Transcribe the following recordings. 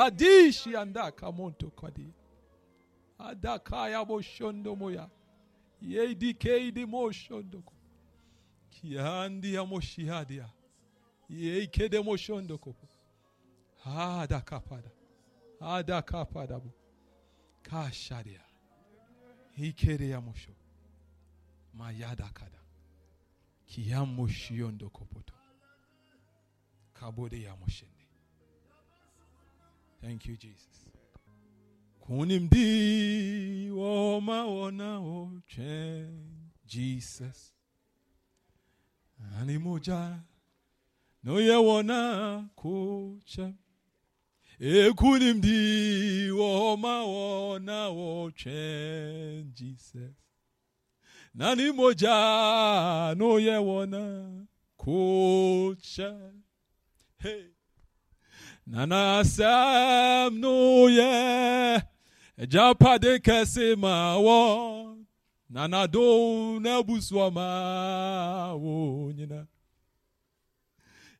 Kadishi anda kamonto kwadi. Adakaya boshondo moya. Yedi keidi moshondo. Kiandi ya moshihadia. Yeikede moshondo kopo. Ada kapada. Ada kapada bu. Kashadia. Ikede ya mosho. Mayada kada. Kiyamoshiyondo poto, Kabode ya moshende. Thank you, Jesus. Kunimdi woma wona oche Jesus. Animoja no ye wona kuche. Ekunimdi woma wona oche Jesus. Nani moja no ye wona kuche. Hey. Nana sam no ye japade kese ma wo nana do na buswa ma wo nina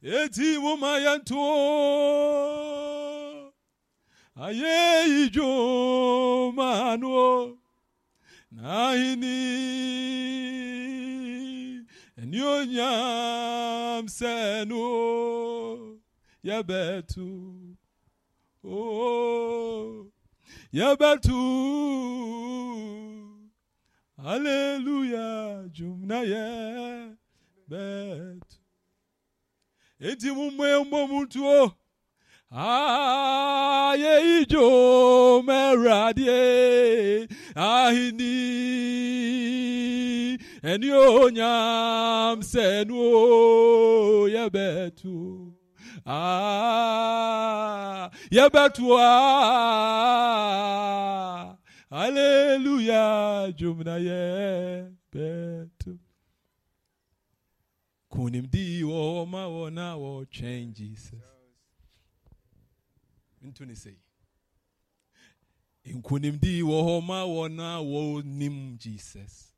eti wo ma yanto aye ijo manu na hini enyo nyam no. Yabetu. Oh, Yabetu. Hallelujah. Jumna betu. Eti mumwe mbo mtu o. Aye ijo meradie ahini eni onyam senuo yabetu. Ah, il y a pas toi. Alléluia, Jumnaye, Beto. Kunimdi wo ma wo na wo change Jesus. Ntuni say. Nkunimdi wo ma wo na wo nim Jesus.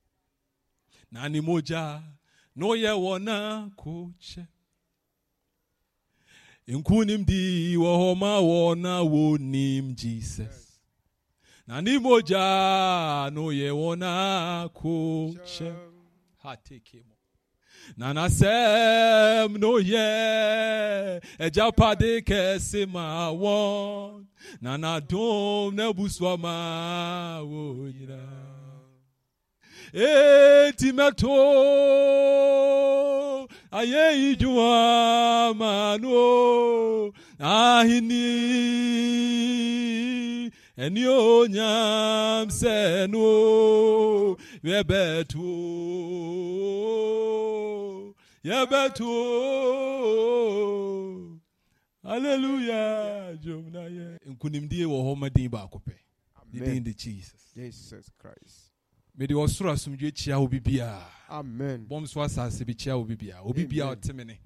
Nani moja no ye wo na kuche nkunim dị wɔ hɔ ma wɔ na wonim jesus na n'imogya no yɛ wɔn ako kyɛ ha teke na n'asɛm no yɛ agyapade kɛse ma wɔn na n'adom ma nyinaa. etimeto aye ijuwa manu ahini ẹni onyam sẹnu yẹbẹtu yẹbẹtu hallelujah jom yẹ nkunimdie wɔ hɔ ma baako pɛ ne de jesus jesus christ mede ɔsoro asomdwe kyia wo bibiaa bɔm so asase bi kyia wo bibiaa obi biaa ɔteme ne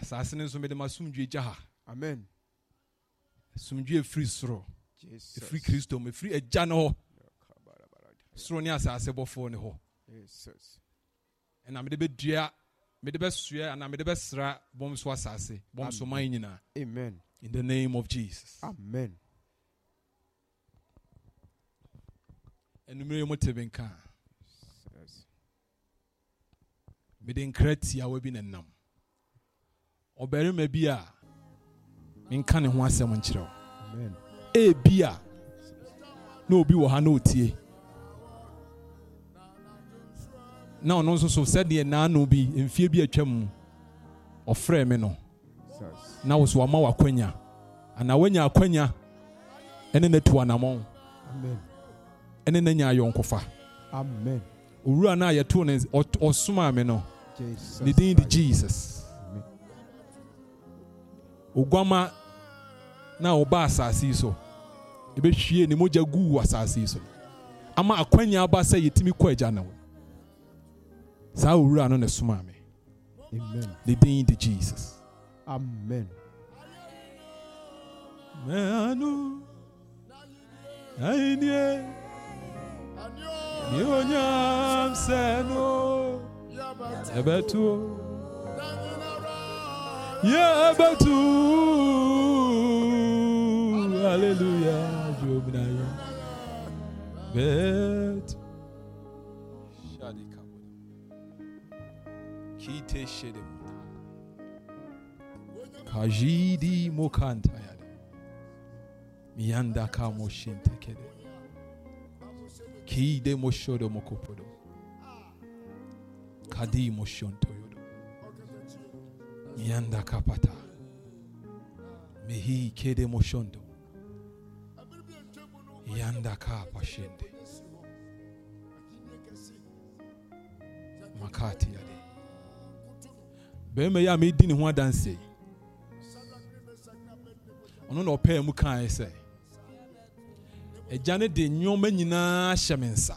asase no nso mede ma gya ha asomdwe ɛfiri soro ɛfiri kristo mu ɛfiri agya no hɔ soro ne asase bɔfoɔ ne hɔ ɛna mede bɛdua mede anaa mede bɛsra bɔm so asase bɔm so nyinaa in the name of jesus amen enumere mu te benka mede nkra tiawa bi na nam ɔbarima bi a menka ne ho asɛm nkyerɛ wo ebi a na obi wɔ ha na otie na ɔno nso so sɛdeɛ naano bi mfie bi atwa mu ɔfrɛ me no na wo so wama w'akwanya anaa woanya akwanya ɛne no atu anammɔn ɛne n'anya ayɔnkofa amen owura no a yɛtoo ne ɔsomaa me no ne din de jesus oguama na ɔba asase yi so ebɛhwie ne mogya guu asase so ama akwanya aba sɛ yɛtumi kɔ agya no saa owura no ne somaa me ne din de jesus amen mẹ́anu ẹ̀yin ni nye onye ahụ senu ebetu ye ebetu haleluya job na ya betu shadika kite shede kajidi mokanta yale miyanda kamo shintekede Kide moshodo mokopodo. Kadi moshon toyodo. Yanda kapata. Mehi kede moshondo. Yanda kapa shende. Makati yade. Bɛrima yi a di ni ho adanse. Ɔno na ɔpɛɛ mu kae sɛ. agya no de nneɔma nyinaa hyɛ me nsa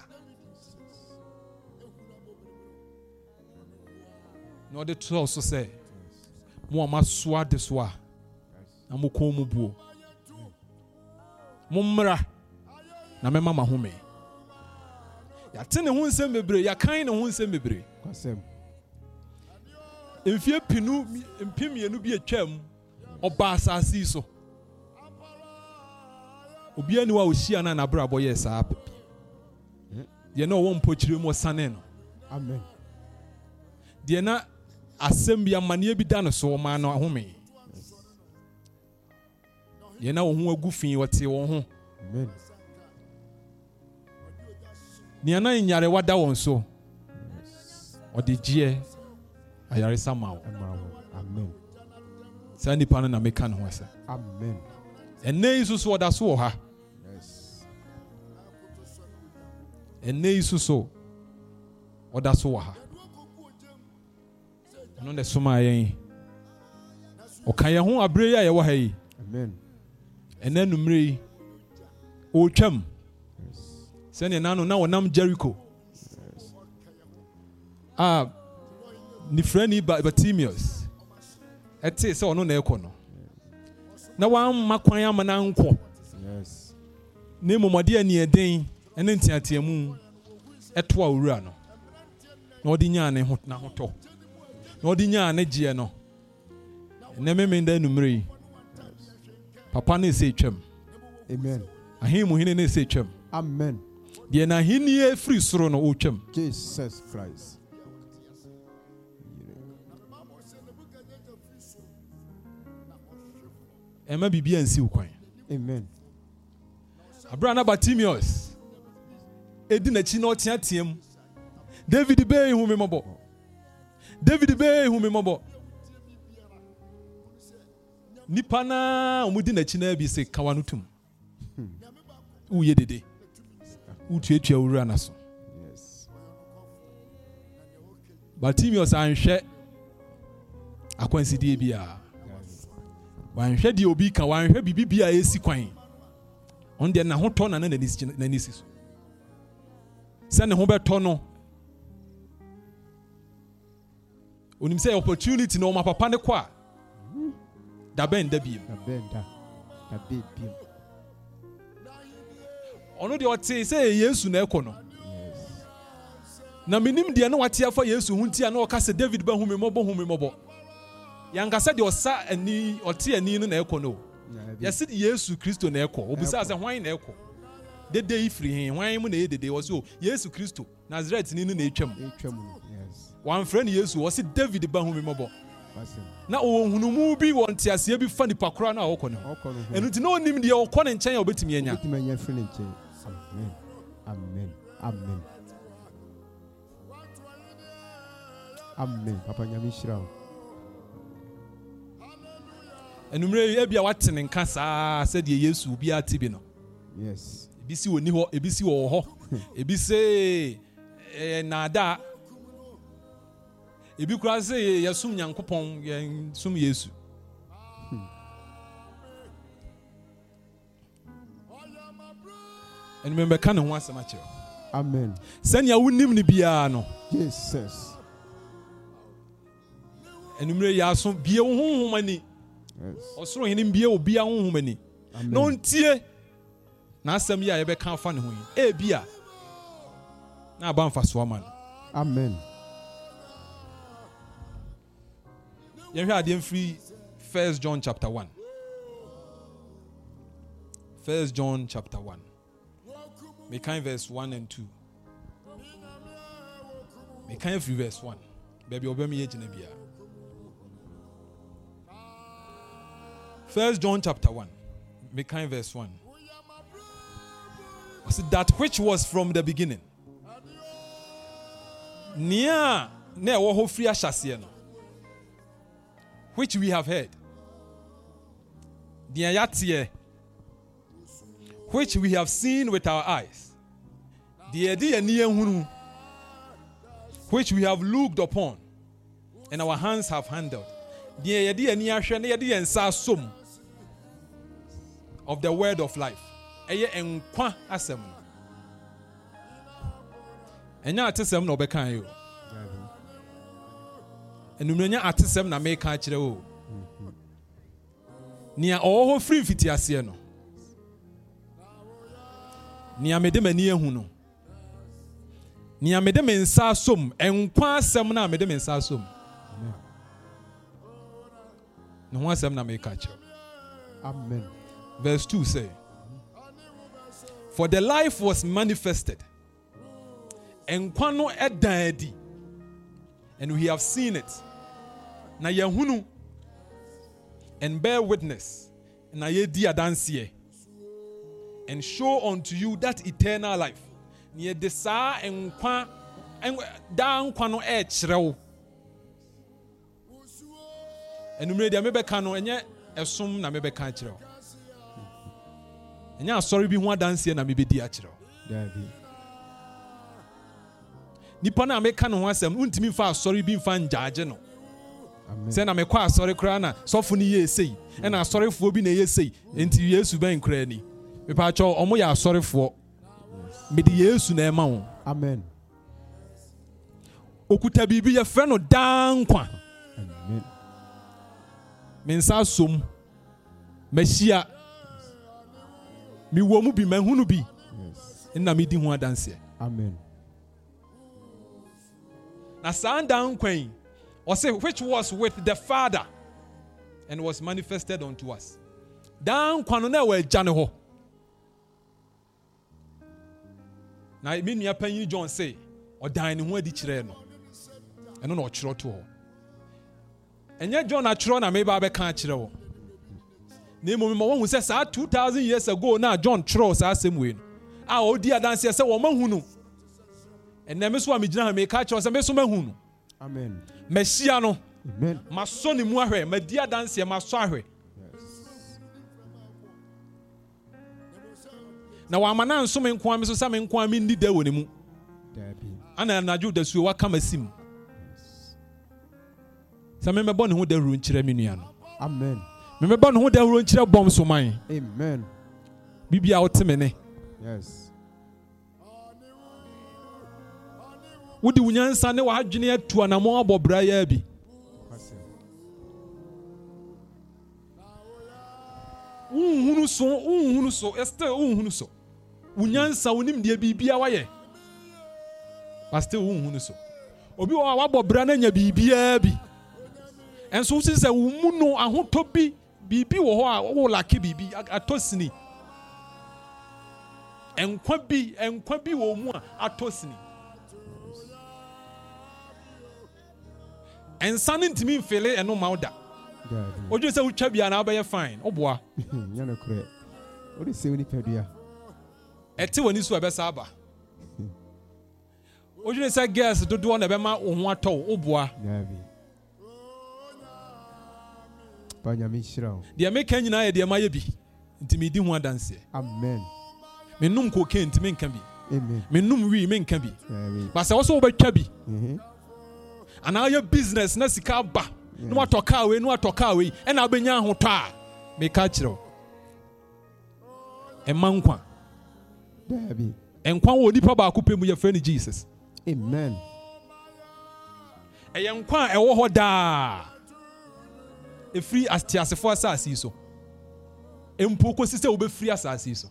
na ɔde tɔɔ so sɛ mo a moasoa de so a na mokɔn mu buo mommra na mɛma ma home yɛate ne ho nsɛm bebree yɛakan ne ho nsɛm bebree mfie pinu mpemienu bi atwam ɔba asase yi so obiara ni wa na n'abrabɔ yɛ saa deɛ na ɔwɔ mpokyerɛ mu ɔsane no amen deɛ na asɛm bi amanneɛ bi da no so ɔmaa no ahome deɛ na wɔn ho agu fi wɔte wɔn ho na nyare wada wɔn so ɔde gyeɛ ayaresa ma amen saa nipa no na meka ne ho ɛnɛ yi soso ɔda so wɔ ha ɛnɛ yi soso ɔda so wɔ ha ɛno na ɛsoma yɛn ɔka yɛn ho abere yi a yɛwɔ ha yi ɛnɛ numere yi ɔretwam sɛnea nano na wɔnam jericho a ne frɛ ni batimius ɛte sɛ ɔno na ɛkɔ no na wamma kwan ama na nkɔ na mmomɔde aniɛden ne nteateamu ɛtoa owura no na ɔde nyaa ne ho n'ahotɔ na ɔde nyaa ne gyeɛ no ɛnɛ mmemme da numere yi papa ne ɛsɛ twam amen ahen mu hene ne ɛsɛ twam amen deɛ n'ahenni firi soro no ɔretwam jesus christ ɛma biribi ansi wo kwan abera na batimios ɛdi n'akyi na ɔteateɛ mu david bɛɛ hu me mmɔbɔ david bɛɛ hu me mmɔbɔ nipa na ɔmo di n'akyi na bi sɛ kawa no tum woyɛ hmm. dede wotuatua wura na so batimios anhwɛ akwansidie biara wanhwɛ deɛ obi ka wanhwɛ biribi a ɛsi kwan ɔno deɛ n'ahotɔ na na n'ani si so sɛ ne ho bɛtɔ no onim sɛ opportunity na ɔma papa ne kɔ a dabɛn da biem ɔno deɛ ɔte sɛ yesu na ɛkɔ no na menim deɛ ne wate afa yesu ho nti na ɔka sɛ david bɛhu me mmɔbɔ hu mmɔbɔ yankasa deɛ ɔsa ani ɔte ani no na ɛkɔ no yɛsi yesu kristo na ɛkɔ obisa sɛ hwan na ɛkɔ dede yi firi hin hwan mu na ɛyɛ dede wɔ so yesu kristo nazaret ni no na ɛtwam wɔamfrɛ no yesu wɔsi david ba ho mmɔbɔ na ɔwɔ nhunumu bi wɔ nteaseɛ bi fa nipa koraa no a ɔkɔ ne ho ɛno nti na ɔnim deɛ ɔkɔ ne nkyɛn a ɔbɛtumi anya amen papa nyame hyira wo enumere yi ebi a wate ne nka saa sɛdeɛ yesu bi ate bi no yes ebi si oni hɔ ebi si wɔ hɔ ebi se ɛɛ eh, naadaa ebi kura se yɛsum nyankopɔn yɛsum yesu hmm. enumere bɛka ne ho asɛm akyerɛ amen sɛnea wonim ne biara no jesus enumere yɛ aso bie wo honhom ani. ɔsoro hene mbie obia honhom ani na ɔntie n'asɛm yi a yɛbɛka afa ne ho yi ebia na aba mfa so ama no amen yɛnhwɛ adeɛ mfiri first john chapter 1 first john chapter 1 mekan verse 1 and 2 mekan firi verse 1 baabi ɔbɛm yɛ gyina biara First John chapter 1, Mekan verse 1. I said, that which was from the beginning. ne which we have heard which we have seen with our eyes which we have looked upon and our hands have handled deɛ yɛde yɛn ni nsa of the word of life ɛyɛ nkwa asɛm no ɛnyɛ atesɛm na ɔbɛka yi o enumere atesɛm na meka kyerɛ o nea ɔwɔ hɔ firi mfiti aseɛ no nea mede m'ani ehu no nea mede me nsa asom nkwa asɛm na mede me nsa asom ne ho asɛm na meka kyerɛ amen. amen. Verse 2 say, For the life was manifested, and kwano edadi, and we have seen it. Na yehunu, and bear witness, na yedi adansiye, and show unto you that eternal life. Nye desa enkwa, da nkwano e chrew. Enumere dia mebeka no enye esum na mebɛka akyerɛ wo ɛnyɛ asɔre bi ho adanseɛ na mebɛdi akyerɛ wo nipa no a meka ne ho asɛm wontumi mfa asɔre bi mfa ngyaagye no sɛ na mekɔ asɔre koraa na sɔfo no yɛ sei ɛna asɔrefoɔ bi na ɛyɛ sei enti yesu bɛn koraa ni mepaakyɛ ɔmo yɛ asɔrefoɔ mede yesu na ɛma wo amen okuta biribi yɛfrɛ no daa nkwa me nsa som mahyia mewɔ mu bi mahunu bi nna medi ho adanseɛ na saa ndan nkwan ɔse which was with the father and was manifested unto us dan nkwa no na ɛwɔ agya ne hɔ na me nua panyin john se ɔdan ne ho adi kyerɛɛ no ɛno na ɔkyerɛ to hɔ ɛnyɛ john atwerɛ na meba bɛka akyerɛ wɔ na mmom ma wɔhu sɛ saa thousand years ago na john twerɛw saa same way. no a ɔdi adanseɛ sɛ wɔma hu no ɛnɛ me so a megyina ha meka kyerɛw sɛ me so mahu no mahyia no masɔ ne mu ahwɛ madi adanseɛ masɔ ahwɛ na wama no nso me nko a me so sɛ me nko a menni da wɔ ne mu ana anadwo dasuo waka ma sim sɛ memɛbɔ ne ho dawuro nkyerɛ me nua no amen mmeba ne ho dawuro nkyerɛ bɔm so man amen bibia wote me ne yes wode wo nyansa ne w'adwene atu anammɔn abɔ bra yɛ bi nhunu so nhunu so ɛsitɛ nhunu so wo nyansa wo deɛ biribia wayɛ pasitɛ nhunu so obi wɔ a wabɔ bra na nya biribiara bi nso wosi sɛ wo mu no ahotɔ bi biribi wɔ hɔ a wo lake biribi atɔ sini nkwa bi nkwa bi wɔ mu a atɔ sini nsa ne ntumi mfele ɛno ma wo da wodwe sɛ wotwa bia na wobɛyɛ fine woboa wode sɛ wo nipadua ɛte w'ani so a ɛbɛsa aba wodwene sɛ girls dodoɔ na ɛbɛma wo ho atɔ wo woboa deɛ meka nyinaa yɛ deɛ mayɛ bi nti medi ho adanseɛ menom koke nti menka bi menom wii menka bi ba sɛ wo sɛ wobɛtwa bi mhm. anaa woyɛ business na sika aba na woatɔ kaa wei na woatɔ kaa wei ɛna wobɛnya ahotɔ a meka kyerɛ wo ɛma nkwa nkwa wɔ nipa baako pɛ mu yɛfrɛ no jesus amen ɛyɛ nkwa a ɛwɔ hɔ daa ɛfiri ateasefoɔ asase yi so mpo kɔsi sɛ wobɛfiri asase yi so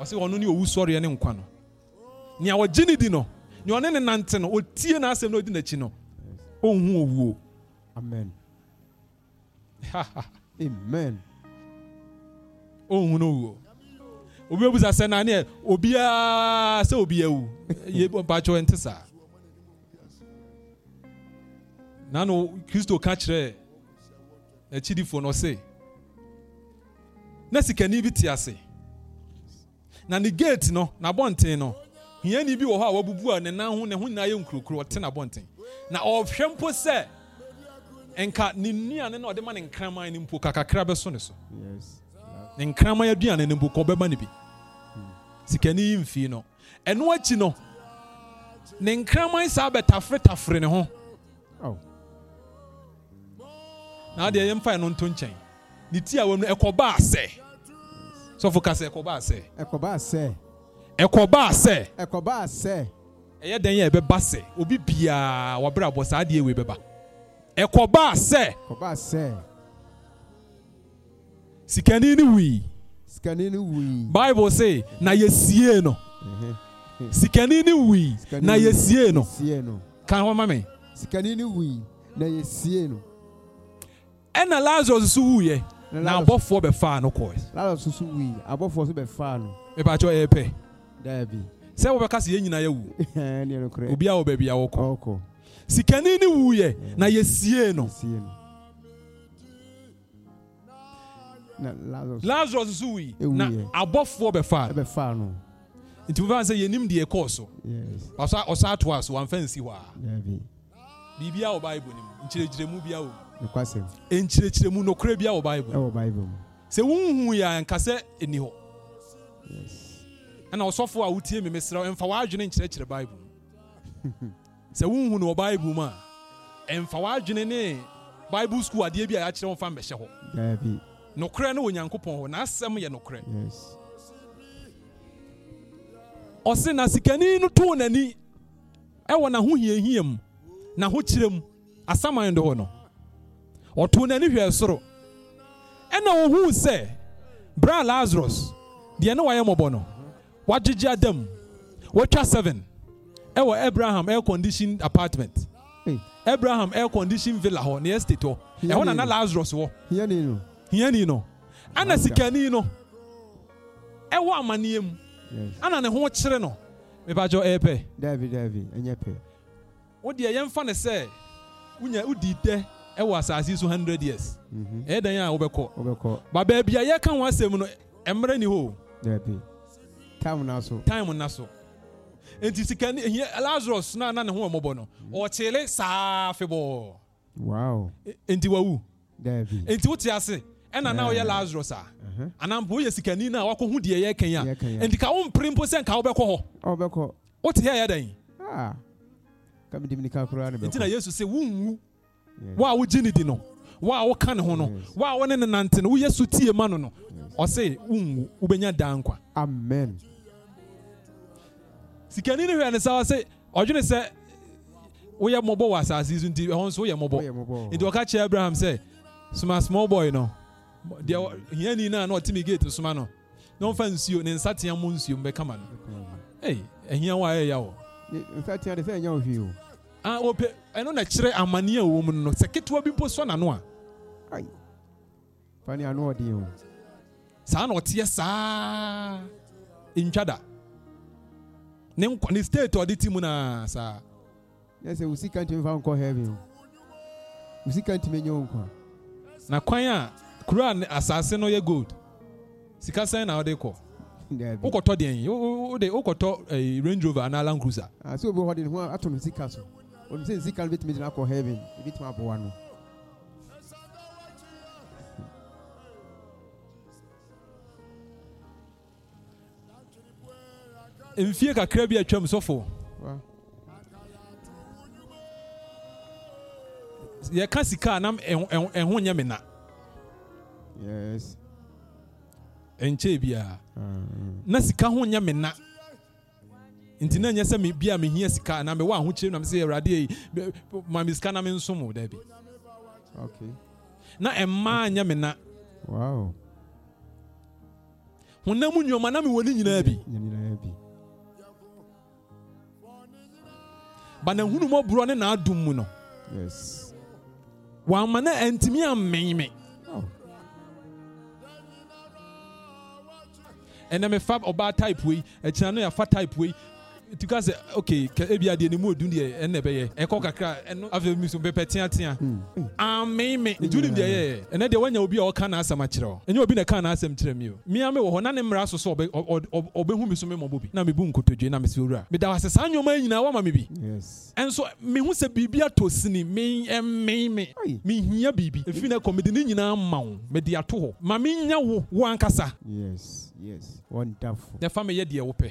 ɔsɛ ɔno ne ɔwu sɔreɛ ne nkwa no nea ɔgye ne di no nea ɔne ne nante no ɔtie n'asɛm na ɔdi n'akyi no ɔnhu owuo amen amen ɔnhu no owuo obi abusa sɛ naneɛ obiaa sɛ obi awu yɛ mpakyɛ ɛnte saa na no kristo ka kyerɛ akyidifoɔ no ɔse na sikani bi te ase na ne gate no n'abɔnten no hiani bi wɔ hɔ a wabubu a ne nan ho ne ho nyinaa yɛ nkurokuro ɔte n'abɔnten na ɔhwɛ mpo sɛ nka ne nnuane na ɔde ma ne nkraman no mpo kakakra bɛso ne so ne nkraman aduane no mpo kɔ ɔbɛma ne bi sikani yi mfii no ɛno akyi no ne nkraman saa bɛtafretafre ne ho na adeɛ yɛn mfa yɛn no nto nkyɛn ne ti a wɔm no ɛkɔba asɛ sɔfo kasa ɛkɔba asɛ. ɛkɔba asɛ. ɛkɔba asɛ. ɛkɔba asɛ. ɛyɛ dɛn yɛ ɛbɛba sɛ obi biara wabere abɔ saa adeɛ wei bɛba ɛkɔba asɛ. ɛkɔba asɛ. sikani ni wui. sikani ni wui. bible say na yɛsie no. sikani ni wui na yɛsie no. kan wɔn ma mi. sikani ni wui na yɛsie no ɛna lazarus nso wuiɛ na abɔfoɔ bɛfaa no kɔɛ lazarus nso wui abɔfoɔ nso bɛfaa no mepakyɛ ɔyɛ pɛ daabi sɛ wobɛka sɛ yɛn nyinaa yɛwu obi a wɔ baabi a wɔkɔ sikani ne wuiɛ na yɛsiee no lazarus nso wui na abɔfoɔ bɛfaa no nti wofa sɛ yɛnim deɛ ɛkɔɔ so ɔsa atoa so wamfa nsi hɔ a biribia wɔ bible no mu nkyerɛkyerɛmu bia wɔ mu nokwasɛm ɛnkyerɛkyerɛmu nokorɛ bi a wɔ bible ɛwɔ bible mu sɛ wonhu yɛ anka sɛ ɛni hɔ ɛna ɔsɔfo a wotie me mesrɛ ɛmfa w'adwene nkyerɛkyerɛ bible mu sɛ wonhu no wɔ bible mu a ɛmfa w'adwene ne bible school adeɛ bi a yɛakyerɛ wo fa mbɛhyɛ hɔ nokorɛ ne onyankopɔn hɔ n'asɛm yɛ nokorɛ ɔse na sikani no too n'ani ɛwɔ n'ahohiahia mu n'ahokyerɛ mu asaman de hɔ no ɔtoo n'ani hwɛ soro ɛna ohuu sɛ bra lazarus deɛ ne wayɛ mmɔbɔ no wagyegye adam watwa seven ɛwɔ abraham air condition apartment abraham air condition villa hɔ ne estate hɔ ɛhɔ na na lazarus wɔ hiani no ana sikani no ɛwɔ amanneɛ mu ana ne ho kyere no mebagyɔ ɛyɛ pɛ dabi dabi ɛnyɛ pɛ wodeɛ yɛmfa ne sɛ wonya wodii dɛ ɛwɔ asase so hundred years mhm. ɛyɛ dan a wobɛkɔ ba baabi a yɛka ho asɛm no mmerɛ ni hɔ time na so time na so nti sika lazarus na na ne ho ɔmɔbɔ no mhm. ɔkyele saa afebɔɔ wow e, nti wawu nti wote ase ɛna na ɔyɛ ah. lazarus a uh-huh. anampo woyɛ sikani na wakɔ ho deɛ yɛ kɛn a nti ka wo mpere mpo sɛ nka wobɛkɔ hɔ wobɛkɔ wote hɛ dan ah. nti na yesu sɛ wonwu Mm. wo a wogye ne di no wo a woka ne ho no wo a ne ne no woyɛ so tie ma no no ɔse wonwu wobɛnya daa nkwa amen sikani no hwɛ ne sɛ ɔse ɔdwene sɛ woyɛ mmɔbɔ wɔ asase so nti ɛhɔ nso woyɛ mmɔbɔ nti ɔka kyerɛ abraham sɛ soma small boy no deɛ hiani no na ɔtemi gate soma no na ɔmfa nsuo ne nsatea mu nsuo mbɛkama no ei ahia wɔ a ɛyɛ ya wɔ nsatea de sɛ ɛnyɛ wo o a ah, wɔpɛ ɛno na kyerɛ amanneɛ a mu no sɛ ketewa bi mpo sɔ n'ano a fane ano ɔden o saa na ɔteɛ saa ntwa da ne nkɔ ne state ɔde ti mu na saa na sɛ wo sika ntumi fa nkɔ heaven o wo sika ntumi nyɛ wo na kwan a kuro asase no yɛ gold sika sɛn na ɔde kɔ wokɔtɔ deɛn wode wokɔtɔ eh, range rover anaa land cruiser ah, sɛ obi hɔ de ne ho ato sika so ɔnim sɛ nsika no bɛtumi gyina akɔ heaven ɛbɛtumi aboa no mfie kakra bi atwam sɔfo yɛka sika a nam ɛho nyɛ me na nkyɛe biara mm-hmm. na sika ho nyɛ me na nti na nyɛ sɛ me bia me sika na me wa ahokyere na me sɛ awurade yi ma me sika na me nso mo dabi okay na ɛmmaa nyɛ me na wow honam nnwoma na mewɔ ne nyinaa bi ba na hunu mɔborɔ ne naadom mu no yes wamma na antimi ammɛn me ɛnɛ mefa ɔbaa type wei akyina no yɛafa type wei tuka sɛ ok ebi adeɛ ne mu odun deɛ ɛna ɛbɛyɛ ɛkɔ kakra ɛno afei mi so bɛpɛ teatea hmm. ameme hmm. nti wonim deɛ yɛyɛ ɛnɛ deɛ wanya obi a ɔka n'asɛm akyerɛ wo ɛnyɛ obi na ɛka n'asɛm kyerɛ mi o mia me wɔ hɔ na ne mmara so sɛ ɔbɛhu mi so me mmɔbɔ bi na mebu nkotodwe na mesɛ owura meda wa sɛ saa nneɔma nyinaa woama me bi ɛnso mehu sɛ biribi atɔ sini meme mehia biribi ɛfiri na ɛkɔ mede ne nyinaa ma wo mede ato hɔ ma menya wo wo ankasa Yes, yes. Wonderful. The family, yeah, the open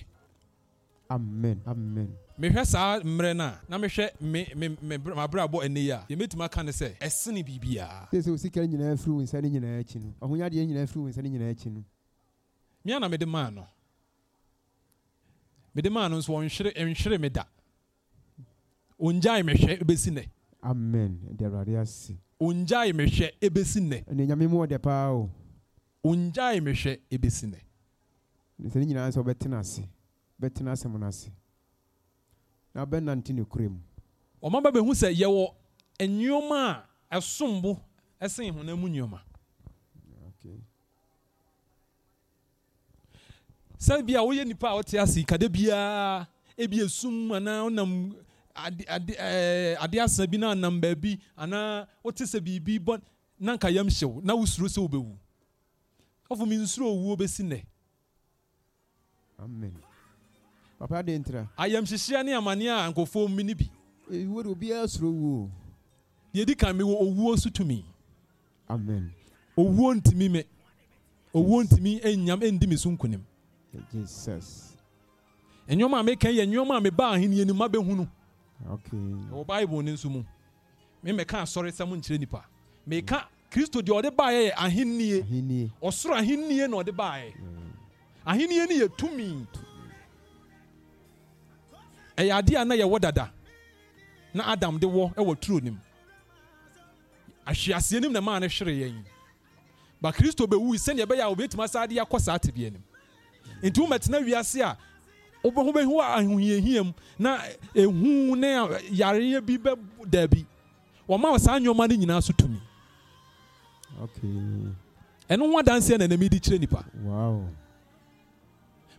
amen amen mehwɛ saa mmerɛ no a na mehwɛ mabrɛbɔ ɛnɛ yi a yɛmɛtumi aka ne sɛ ɛsene biribiaa sɛ sɛ osika no nyinaa firi wo nsa no nyinaa akyi no ɔhonyadeɛ nyinaa firi wo nsa no nyinaa akyi no mea na mede maa no mede maa no nso ɔnhwere nhwere me da ɔngyae mehwɛ ɛbɛsi nɛ amen de awurade ase ɔngyae mehwɛ ɛbɛsi nɛ ɛne nyame mu ɔdɛ paa o ɔngyae mehwɛ ɛbɛsi nɛ ne sɛ ne nyinaa sɛ wobɛtena ase bɛtena asɛm no ase na bɛnante ne kura mu ɔmaba bɛhu sɛ yɛwɔ nneɔma a ɛsom bo ɛsen honam mu nneɔma sɛ bia woyɛ nipa a wote ase kada biara ebi esum anaa wonam ade asa bi na anam baabi anaa wote sɛ biribi bɔ na nka yam hyew na wosuro sɛ wobɛwu ɔfo mi nsuro owu bɛsi nnɛ amen papa de ntra a nkɔfoɔ bi ewuo de obiara soro di kan owuo so amen owuo ntumi me owuo ntumi enyam endi me so nkonim jesus nneɛma a meka yɛ nneɛma a mebaa ahenni anim abɛhunu okay ɛwɔ bible ne nso mu mmɛka asɔresɛm nkyerɛ nipa kristo deɛ ɔde baa yɛ ɔsoro na ɔde mm. yɛ ɛyɛ adeɛ a na yɛwɔ dada na adam de wɔ ɛwɔ turo nim ahweaseɛ nim na maa no hwere yɛn ba kristo bɛwui sɛnea ɛbɛyɛ a obɛtumi asa adeɛ akɔ saa tebea nim nti womɛtena wiase a wobɛho bɛhu ahohiahiam na ɛhu ne yareɛ bi bɛ daabi wɔma wɔ saa nneɔma no nyinaa so tumi ɛno ho adanseɛ na ɛnam de kyerɛ nipa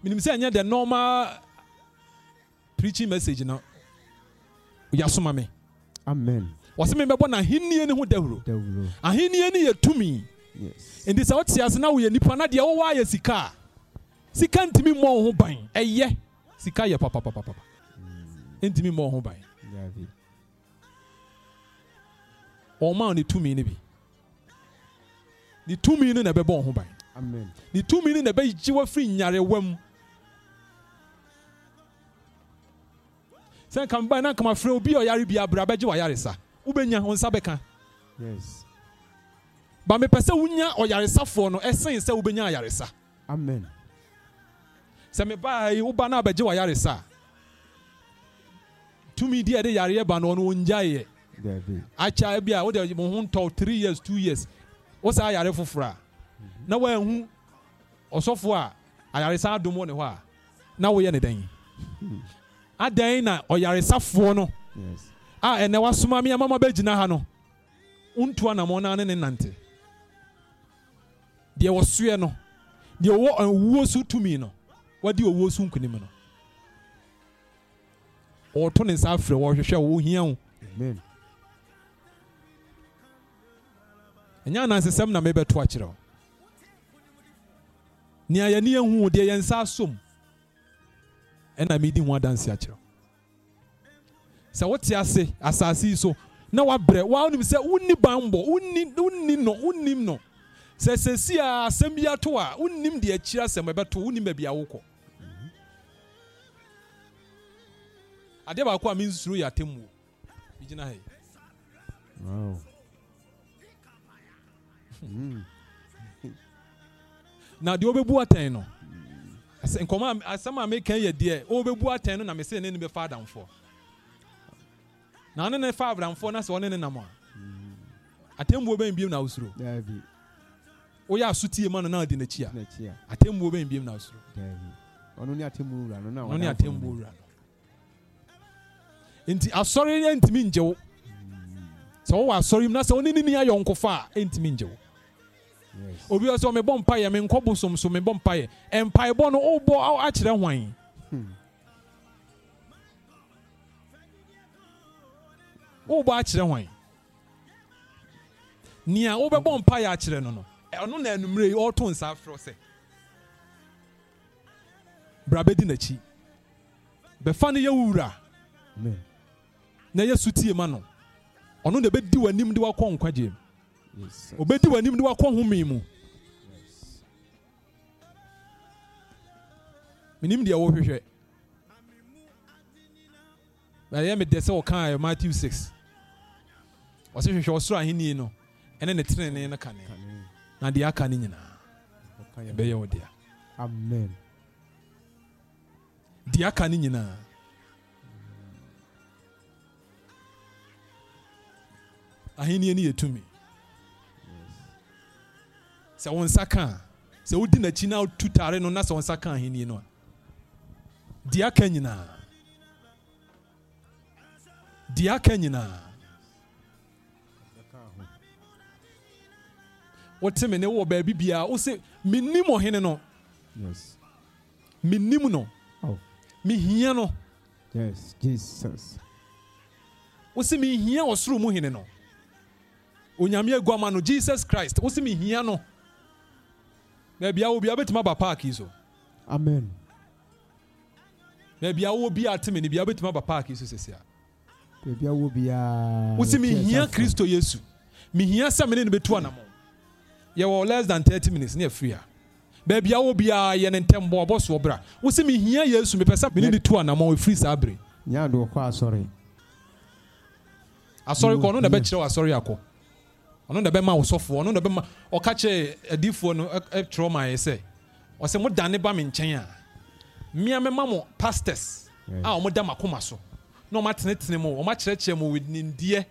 menim sɛ ɛnyɛ the normal preaching message na yà soma mi. amen. wɔsi mi bɛ bɔ n'ahenie ni ho dawuro. dawuro. ahenie ni yɛ tumi. yes. nti sɛ ɔte ase na woyɛ nipa na deɛ wɔwɔ ayɛ sika sika ntumi mɔ ɔho ban ɛyɛ sika yɛ papapapapa mm. ntumi mɔ ɔho ban. ɔmaa ne tumi ne bi ne tumi ne na ɛbɛbɔ ɔho ban. amen. ne tumi ne na ɛbɛgye wafiri nyarewa mu. sɛ nka mba na nkama frɛ obi a ɔyare bi abere abɛgye wayaresa wobɛnya wo nsa bɛka yes ba mepɛ sɛ wonya ɔyaresafoɔ no ɛsen sɛ wobɛnya ayaresa amen sɛ mebaa yi woba no abɛgye wayaresa a tumi di ɛde yareɛ ba no ɔno ɔngyaeɛ akyɛ bi a wode mo ho ntɔ three years two years wosa ayare foforɔ a mhm. na woanhu ɔsɔfoɔ a ayaresa adom wɔ ne hɔ a na woyɛ ne dɛn hmm adan na ɔyaresafoɔ no a ɛnɛ wasoma mi ama ma bɛgyina ha no ntu anamɔ na ne ne nante deɛ wɔsoɛ no deɛ ɔwɔ owuo so tumi no wɔde owuo so nkunim no ɔɔto ne nsa afrɛ wɔhwehwɛ wɔhia wo ɛnyɛ anansesɛm na mebɛto akyerɛ wo nea yɛne yɛhu deɛ yɛn nsa asom ɛna medi ho adanse akyerɛ sɛ wote ase asase yi so na wabrɛ waa wonim sɛ wonni banbɔ wonni no wonnim no sɛ sɛsi a asɛm bi ato a wonnim deɛ akyiri asɛm ɛbɛto wonnim baabi a adeɛ baako a mensuro yɛ atemmuo megyina ha yi na deɛ wobɛbu atɛn no nkɔmɔ asɛm a meka yɛ deɛ ɔbɛbu atɛn no na mesɛ ne ne bɛfa adamfoɔ na ɔne ne fa abramfoɔ na sɛ ɔne ne nam a mm. atɛmmuo bɛn biem na wosuro woyɛ asotie ma no na ɔde n'akyi a atɛmmuo bɛn biem na wosuro ɔno ne atɛmmuo wura no nti asɔre ntumi ngye mm. sɛ wowɔ asɔre mu na sɛ wone ne ni ayɔnkofa a ɛntumi ngye obi sɛ mebɔ mpayɛ menkɔ bosom so mebɔ mpayɛ mpaebɔ no wobɔ akyerɛ hwan hmm. wobɔ akyerɛ hwan nea wobɛbɔ mpayɛ akyerɛ no no ɔno na anummerɛ yi ɔreto nsa frɛ sɛ bra bɛdi n'akyi bɛfa no yɛ wura na yɛ sutie ma no ɔno na bɛdi w'anim de wakɔ nkwagyeɛ mu obedi w'anim ne wakɔ home mu menim deɛ wɔhwehwɛ ɛyɛ me dɛ sɛ wɔkaa matthew 6 ɔsɛ hwehwɛ ɔsoro ahenni no ɛne ne tenene no kane na deɛ aka no nyinaa ɛbɛyɛ wo dea amen deɛ aka no nyinaa ahenni no yɛ tumi sɛ wɔn nsa ka a sɛ wodi n'akyi na tu tare no na sɛ wɔn nsa ka ahenni no a di aka nyinaa di aka nyinaa wɔte me ne wɔ baabi biara wosɛ menim ɔhene no menim no mehia no mi mehia ɔsoro mu hene no onyame aguama no jesus christ wosɛ mehia no yes, baabi awo bi abɛtumi aba paaki so amen baabi awo bi atemi ni bi abɛtumi aba paaki so sisi a baabi awo biara wosi mihia kristo yesu mihia sɛ ni ne bɛtu anamo yɛwɔ less than thirty minutes ne afiri a baabi awo biara yɛ ne ntɛmbɔ ɔbɔ soɔ bra wosi mihia yesu mepɛ sɛ mene ne tu anamo efiri saa bere. nyaadoɔ kɔ asɔre asɔre kɔ no na bɛkyerɛ wɔ asɔre akɔ. ɔno na bɛma wosɔfoɔ ɔno na bɛma ɔka kyerɛ adiifoɔ no ɛtwerɛ ma yɛ sɛ ɔsɛ mo dane ba me nkyɛn a mmea mɛma mo pastors a ɔmo da makoma so na ɔmo atenetene mo ɔmo akyerɛkyerɛ mo wɔ nindeɛ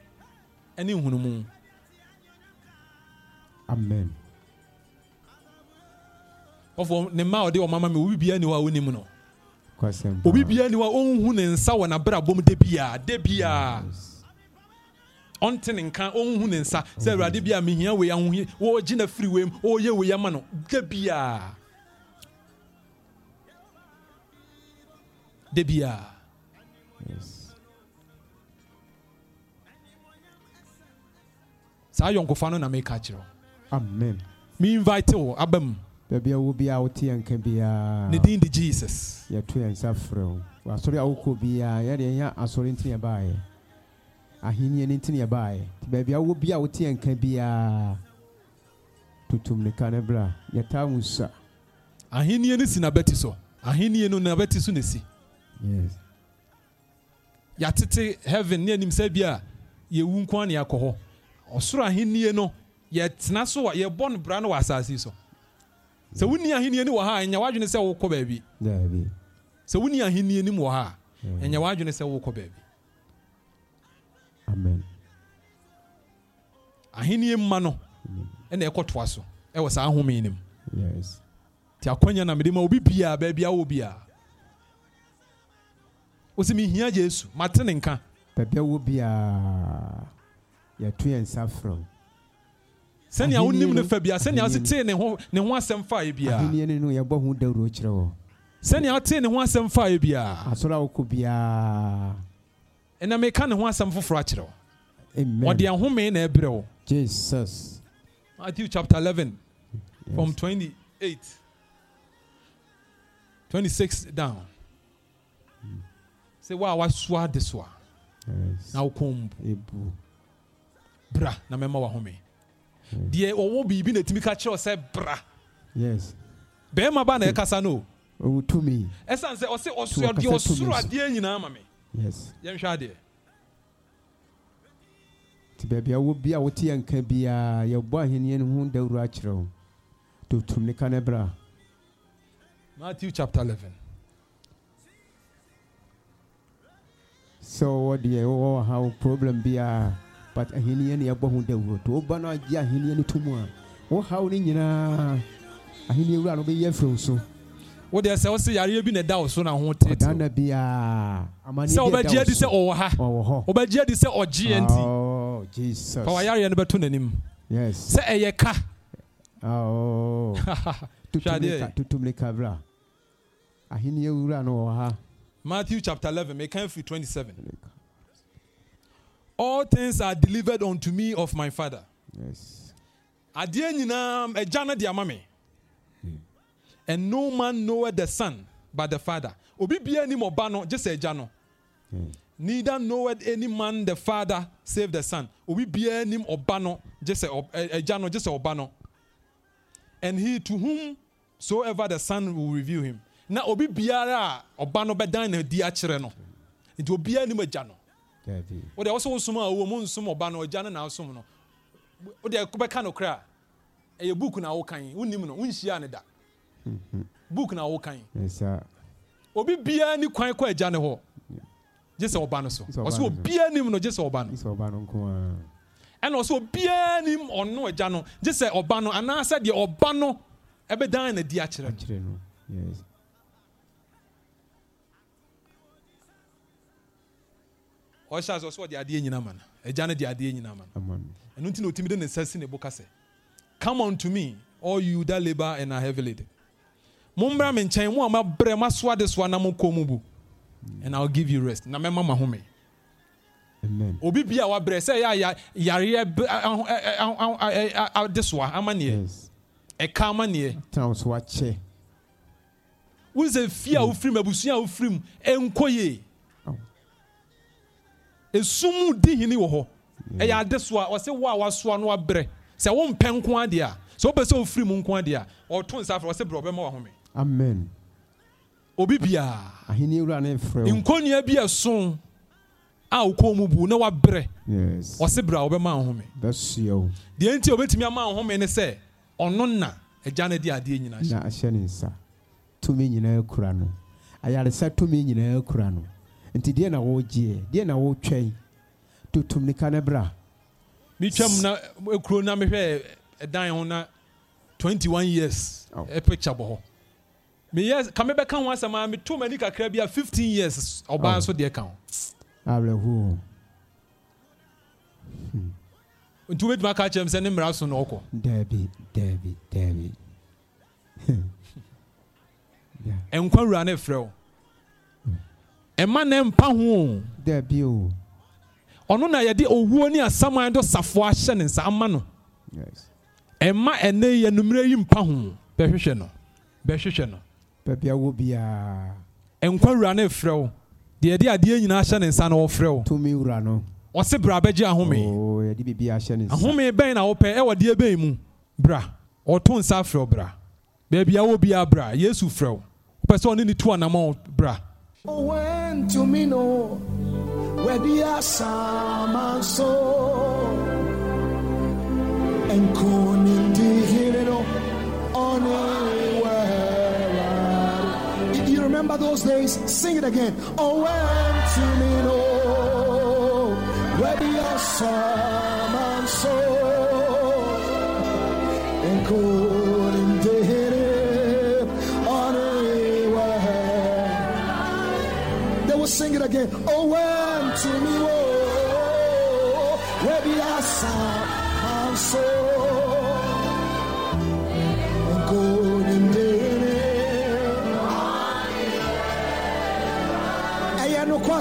ɛne nhunumu. amen. ɔfɔ ne mma a ɔde ɔmo ama mi obi bia ni wa onim no obi bia ni wa ohun ne nsa wɔ de bia de bia. Yes. ɔnte ne nka ɔnhu ne nsa sɛ awurade bi a mehia wei ahohi wɔregye na firi wei mu wɔreyɛ wei ama no da biara da biara saa yɔnkofa no na meka kyerɛ amen me invite wo aba mu baabi a wo biara wote yɛn nka biara ne din de jesus yɛto yɛn nsa frɛ wo asɔre a wokɔ biara yɛde ɛnya asɔre ntini ahenni no nti ne yɛbaeɛ nti baabi a wowɔ bi a woteɛ nka biara totom ne ka no berɛ yɛtaa mu sa ahenni no si nabɛti so ahenni no nabɛti so na si yes. yɛatete heaven ne anim sɛ bi a yɛwu nko a ne yɛakɔ hɔ ɔsoro ahenni no yɛtena so a yɛbɔ no bra no wɔ asase so sɛ wonni ahenni no wɔ ha ɛnyɛ w'adwene sɛ wokɔ baabi sɛ wonni ahenni no mu wɔ ha ɛnyɛ w'adwene sɛ wokɔ baabi ahenni mma no ɛna ɛkɔtoa so ɛwɔ saa ahome no akwanya na mede ma obi biaa baabia wɔ biaa wo sɛ mehia jesu mate ne nka baabia wɔ ya yɛto yɛ nsa frɛm sɛnea wonim no fa bia sɛnea wotetee ne ho asɛm faeɛ sɛnea wotee ne ho asɛm faeɛ biaa asɔre biaa ɛna meka ne ho asɛm foforɔ akyerɛ wo ɔde ahome na ɛbrɛ wo jesus matthew chapter 11 yes. from 28 26 down sɛ wo a wasoa de so a na wokɔ mbu bra na mɛma wahome deɛ ɔwɔ biribi na ɛtumi ka kyerɛ sɛ bra bɛrima ba na ɛkasa no ɛsiane sɛ ɔse ɔsoadeɛ ɔsoro adeɛ nyinaa ma me yes yɛnhwɛ adeɛ nti baabi a wobi a wote yɛ nka biara yɛbɔ ahenneɛ no ho dawuro akyerɛ wo totum ne ka matthew chapter 11 So what? deɛ wɔwɔ ha wo problem biara but ahenneɛ no yɛbɔ ho dawuro nti woba no agye ahenneɛ no to mu a wo haw no nyinaa ahenneɛ wura no wobɛyɛ afiri wo so wo deɛ sɛ wosɛ yareɛ bi na ɛda wo so na ho tetesɛ wobɛgye adi sɛ ɔwɔ ha wobɛgye adi sɛ ɔgyeɛ nti oh, fa wayareɛ no bɛto n'anim sɛ ɛyɛ ka oh. Matthew chapter 11, make him 27. All things are delivered unto me of my Father. Yes. Adiẹ nyinaa ẹja na di ama mi. and no man knoweth the son but the father obi bia nim ɔba no just say jano. Hmm. neither knoweth any man the father save the son obi bia nim ɔba no just say agya just say obano. and he to whom soever the son will reveal him na obi biara obano ɔba no na di akyerɛ no nti obiara nim agya no wode wo sɛ wo som a wowɔ mu na wosom no wode ɛkobɛka no koraa ɛyɛ book na wokan unimuno no ne da book na wokan obi biara ni kwan kɔ agya ne hɔ gye sɛ ɔba no so ɔsɛ obiara nim no gye sɛ ɔba no ɛna ɔsɛ obiara nim ɔno agya no gye sɛ ɔba no anaasɛ deɛ ɔba no ɛbɛdan na di akyerɛ no ɔhyɛ ase ɔsɛ ɔde adeɛ nyina ma no agya no de adeɛ nyina ma no ɛno nti na ɔtumi de ne nsa si ne bo ka sɛ come unto me all you that labour and are heavy laden mommra me nkyɛn mo a mabrɛ masoa de soa na mokɔ mu bu and i'll give you rest na mɛma ma home obi bi a wabrɛ sɛ yɛ yareɛ de soa amanneɛ ɛka amanneɛ wo sɛ fie a wofiri mu abusua a wofiri mu ɛnkɔ yie esum di hini wɔ hɔ ɛyɛ ade soa ɔsɛ wo a wasoa no wabrɛ sɛ wompɛ nko adeɛ a sɛ wopɛ sɛ ofiri mu nko adeɛ a ɔto nsa afra ɔsɛ brɛ ɔbɛma wahome amen obi biara ne bi a wokɔ mu bu na wabrɛ ɔse berɛ a wobɛma nhome bɛsoɛ wo deɛ nti obɛtumi ama nhome ne sɛ ɔno na agya no de adeɛ na ahyɛ ne nsa tumi nyinaa kura no ayaresa tumi nyinaa kura no nti deɛ na wɔregyeɛ deɛ na wɔretwɛn tutum nika ne bra metwam na eh, kuro na mehwɛ eh, ɛdan ho na 21 years ɛpicture oh. eh, bɔ hɔ meyɛ ka mebɛka ho asɛm a meto m'ani kakra bi a 15 years ɔbaa oh. nso deɛ ka ho awerɛhoo ah, hmm. nti wobɛtumi aka kyerɛ m sɛ ne mmara so na ɔkɔ daabi daabi daabi ɛnkwa wura ne frɛ wo ɛma mpa ho o ɔno na yɛde owuo ne asaman do safoa ahyɛ ne nsa ama no ɛma ɛnɛ yi ɛnummerɛ yi mpa ho bɛhwehwɛ no bɛhwehwɛ no baabi a wo biara. nkwa wura ne frɛ wo deɛ de adeɛ nyinaa hyɛ ne nsa na ɔfrɛ wo. tumi wura no. ɔsi bra bɛgye ahome. ooo yɛde bibi ahyɛ ne nsa. ahome bɛn na wɔpɛ ɛwɔ deɛ bɛn mu bra ɔto nsa frɛ wo bra baabi a wo biara bra yesu frɛ wo wopɛ sɛ ɔne ne tu anamɔ bra. owó ntumi no wɛdi asaaman so nkuni di hiri no ɔne. those days, sing it again. Oh, when to me, no, ready are some and so, and cold and dead on a They will sing it again. Oh, when to me, oh, ready are some.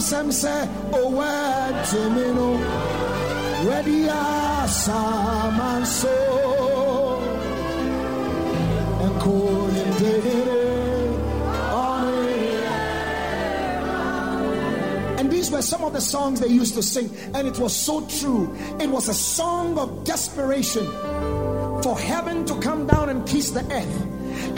asɛm sɛ owó ɛtìmí no wɛdi asamanso nkoyindere ɔne. And these were some of the songs they used to sing, and it was so true. It was a song of desperation for heaven to come down and kiss the earth.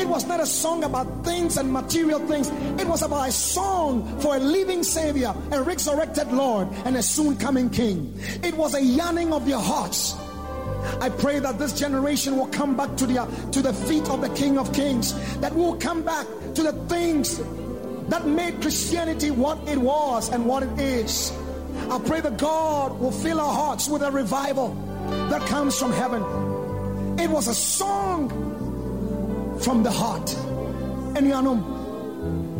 It was not a song about things and material things. It was about a song for a living Savior, a resurrected Lord, and a soon coming King. It was a yearning of your hearts. I pray that this generation will come back to the, to the feet of the King of Kings, that will come back to the things that made Christianity what it was and what it is. I pray that God will fill our hearts with a revival that comes from heaven. It was a song from the heart. And you know,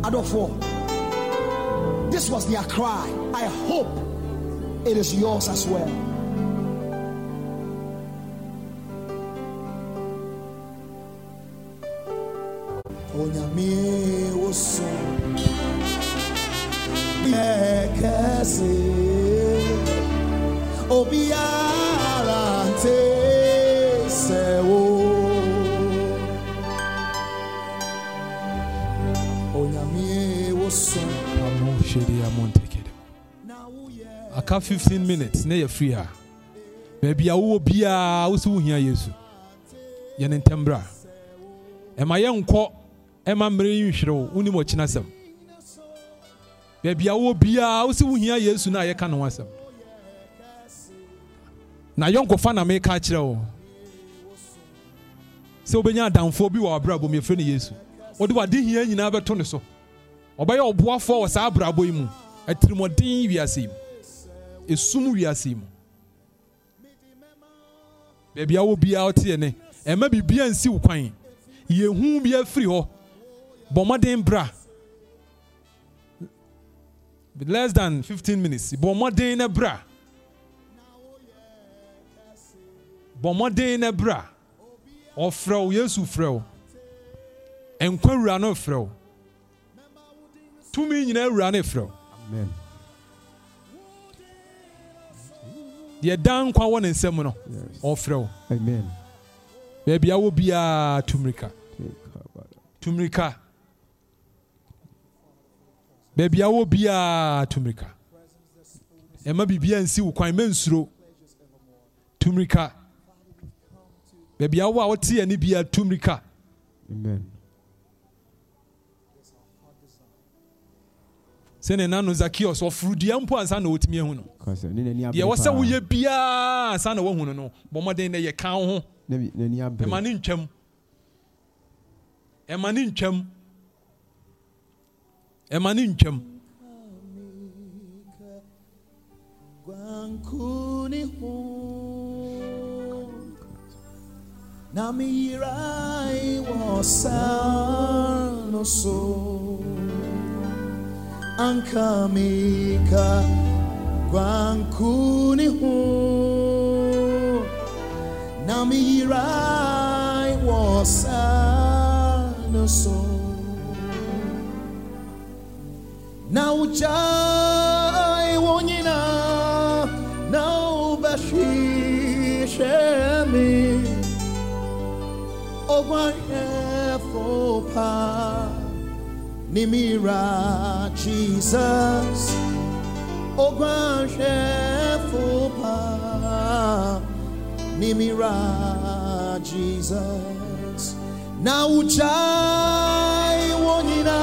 Adolfo, this was their cry. I hope it is yours as well. Onyame woso aka 15 minutes na yɛ free ha baabi a wowɔ biara wo sɛ wohia yesu yɛne ntɛm bra ɛma yɛnkɔ ɛma mmerɛ yi nhwere wo wonim ɔkyena sɛm baabi a wowɔ biara wo sɛ wohia yesu na a yɛka ne ho asɛm na yɔnkofa na meka kyerɛ wo sɛ wobɛnya adamfoɔ bi wɔ abrabɔ mu yɛfrɛ yesu wɔde wade hia nyinaa bɛto ne so ɔbɛyɛ ɔboafoɔ wɔ saa abrabɔ yi mu atirimɔden wiase yi mu esum wiase mu beebi a wo biara te yɛ ne ɛma biribiara nsi wo kwan yehu bi afiri hɔ bɔ mmɔden bra less than fifteen minutes bɔ mmɔden bra bɔ mmɔden na bra ɔfrɛw yesu frɛw nkwa wura no frɛw tumi nyinaa wura no frɛw. Amen. deɛ da nkwa wɔ ne nsɛm no ɔfrɛ wo baabi awɔ biara tumirika tumirika baabi awɔ biara tumirika ɛma biribiara nsi wo kwan mɛnsuro tumirika baabi awɔ a wɔte ani biara tumirika Amen. sɛne nano zakios ɔforodua mpo ansa na ɔtumi ahu no deɛ wɔ sɛ woyɛ biaa ansa na woahu no no bɔ mmɔden dɛ yɛ wo ho ɛma ne ntwam ɛma ne ntwam ɛma ne ntwam na mira e o no sou ang kami ka gwang kuni ho so now jai wonina now bashi shemi ogwa efo pa Nimira Jesus Ogwa Shefupa Nimira Jesus Na uchai wonina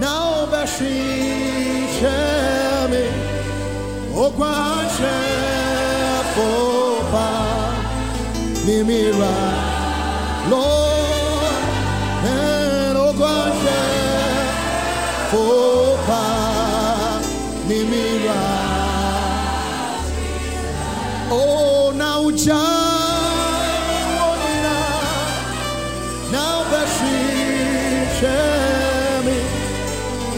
Na obashi sheme Ogwa Shefupa Nimira Lord Nimira. Oh, now Jamonina.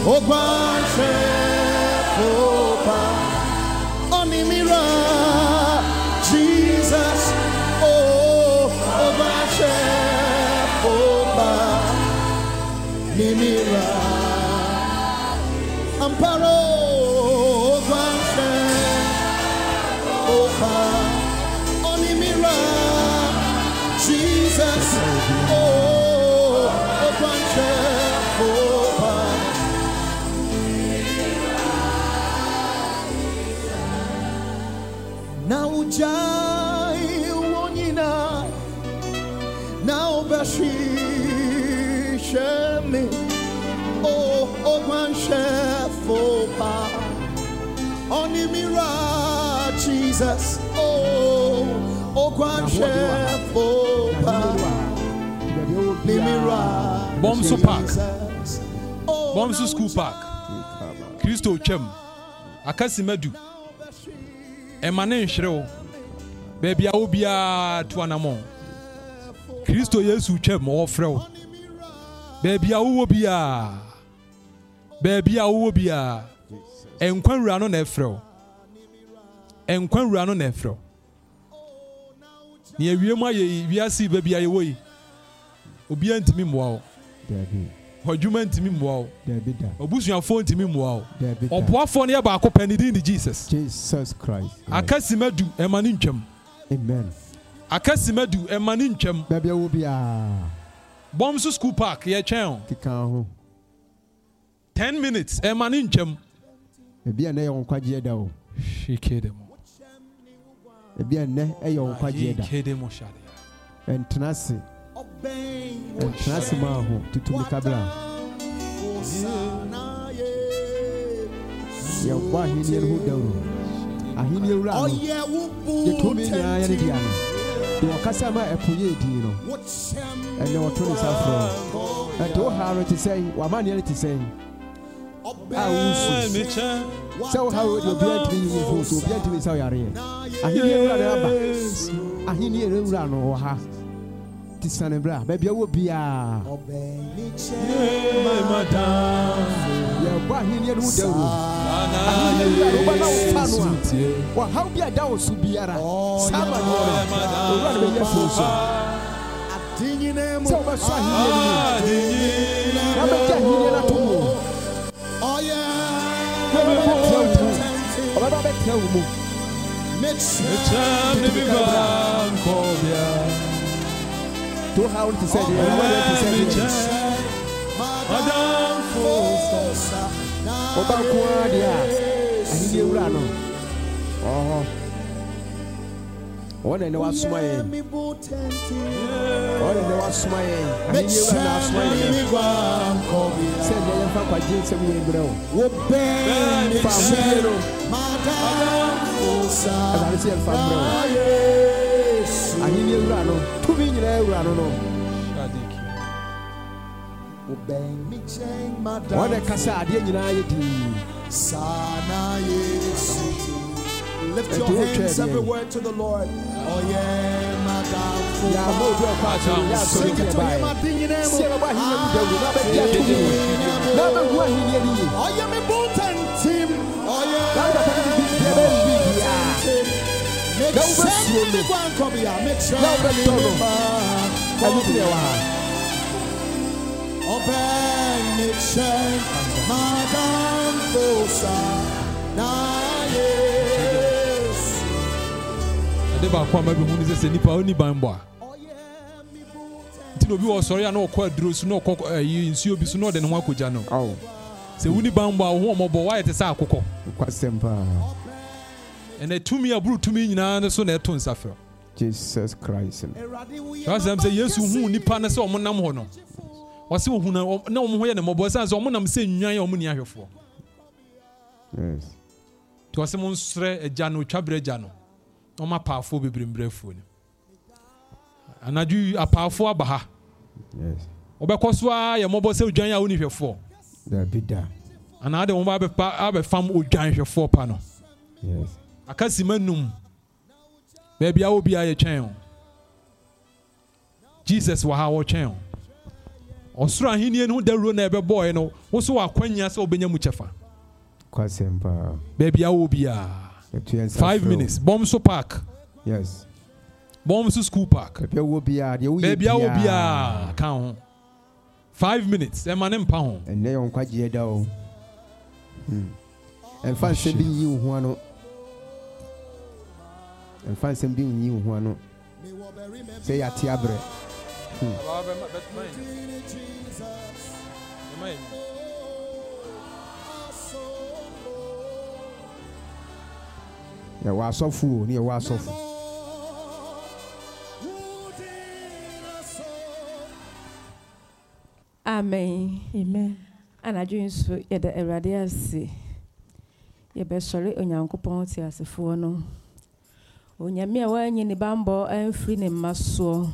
Oh, Bom so pak, bom so school pak. kristo twam akasi madu ɛma ne nhwerew baabi a wobiara to kristo yesu chem wɔfrɛ wo baabi a wowɔ biara baabi a wowɔ biara ɛnkwa wura no na ɛfrɛ wo ɛnkwa wura nea ewie mu ayɛ yi wiase baabi a yɛwɔ yi obiara ntumi mmoa wo ɔdwuma ntumi mmoa wo ɔbusuafoɔ ntumi mmoa wo ɔboafoɔ no yɛ baako pɛ ne din ne jesus jesus christ akasima du ɛma ne ntwam amen akasima du ɛma ne ntwam baabi ɛwɔ bɔm so school park yɛtwɛn o ten minutes ɛma ne ntwam ebi a ne yɛ wɔn kwagyeɛ da o hwee kee dɛm o ebi ɛnɛ ɛyɛ wɔn kwagyeɛ da ɛntena ase ɛntena ase maa ho tutumi kabra yɛbɔ no ho dawuro ahenni ewura ano yɛ tumi nyinaa yɛ ne di ano deɛ ɔkasa ma ɛpo yɛ edin no ɛnɛ wɔto ne nsa frɔ ɛte ha no te sɛn wama neɛ no te sɛn a wusu sɛ wo ha wo deɛ obiara ntumi yi wo fo so obiara ntumi nsa wo yareɛ ahenni ewura na aba ahenni ewura na wɔ ha ti sani bra baabi awo biara. yɛbɔ ahenni ɛnu dɛwuro ahenni ewura na wobana wo fa no a wɔ haw bi a da wɔ so biara sábà ni wɔn ewura na bɛ yɛ foro so. sɛ wobɛsɔ ahenni ɛnu na bɛ di ahenni ɛnu ato mu. ɔbɛba bɛ tẹ wo mu. Nečem ne bi vam pobja. Tu haun ti sedi, ja moram ti sedi. Adam fosa. Ọba kó adìyà, ahìyẹ wúrà nù. Ọ̀họ́. Wọ́n nà ní wàá súnmọ́ yẹn. Wọ́n nà ní wàá súnmọ́ yẹn. Ahìyẹ wúrà nà súnmọ́ yẹn. Sẹ́ni ẹ̀yẹ fà kwajé sẹ́mi yẹn gbẹrẹ o. Wọ́n bẹ́ẹ̀ ní sẹ́ni. Fà wúyẹ́ nù. I sɛ yɛmfa mmerɛ wo ahenni awura no tumi nyinaa awura no no wɔne kasa adeɛ nyinaa yɛ dii Lift your hands everywhere to the Lord. Oh yeah, my God. Sing it to him. I think in him. Oh yeah, me boot and team. Oh yeah. na wobɛsuo no na wobɛtɔ no ɛno deɛ wɔ ha Obeniction, Madame Fosa, Nayes. Ade baako a ma bi mu ne sɛ sɛ nipa ɔni ban bɔ a. Nti na obi wɔ sɔre a na ɔkɔ aduro so na ɔkɔ ɛyi nsuo bi so na ɔde ne ho akogya no. Sɛ wuni ban bɔ a, ohun ɔmɔbɔ, wayɛ te sɛ akokɔ. Kwasɛm paa ɛnɛ tumi aburu tumi nyinaa ne na ɛto nsa frɛ jesus christ asɛm sɛ yesu hu nnipa no sɛ ɔmo nam hɔ no wɔse wɔhu na ɔmo ho yɛ ne mmɔbɔ ɛsiane sɛ ɔmo nam sɛ nnwan a ɔmo ni ahwɛfoɔ nti wɔse mo nsrɛ agya no otwaberɛ agya no na ɔma bebree mbrɛ afuo no anadwo apaafoɔ aba ha wɔbɛkɔ so a yɛ mmɔbɔ sɛ odwan a woni hwɛfoɔ anaa de wɔn abɛfam odwan hwɛfoɔ pa no akasima num baabi a obiara yɛtwɛn o jesus wɔ ha wɔtwɛn o ɔsoro ahenni no ho dawuro na ɛbɛbɔɔɛ no woso wɔ akwanya sɛ wobɛnya mu kyɛfa baabi a obiara five minutes bɔm so park yes bɔm so school park baabi a obiara ka ho five minutes ɛma ne mpa ho ɛnɛ yɛ nkwagyeɛ da o ɛmfa hmm. nsɛm oh, bi nyi wo ho ano mfa nsɛm bi nyi wo ho ano sɛ yɛate aberɛ yɛwɔ asɔfo o ne yɛwɔ asɔfo amen amen anadwo nso yɛda awurade ase yɛbɛsɔre onyankopɔn te asefoɔ no onyame a wanyi ne bambɔ amfiri ne mma soɔ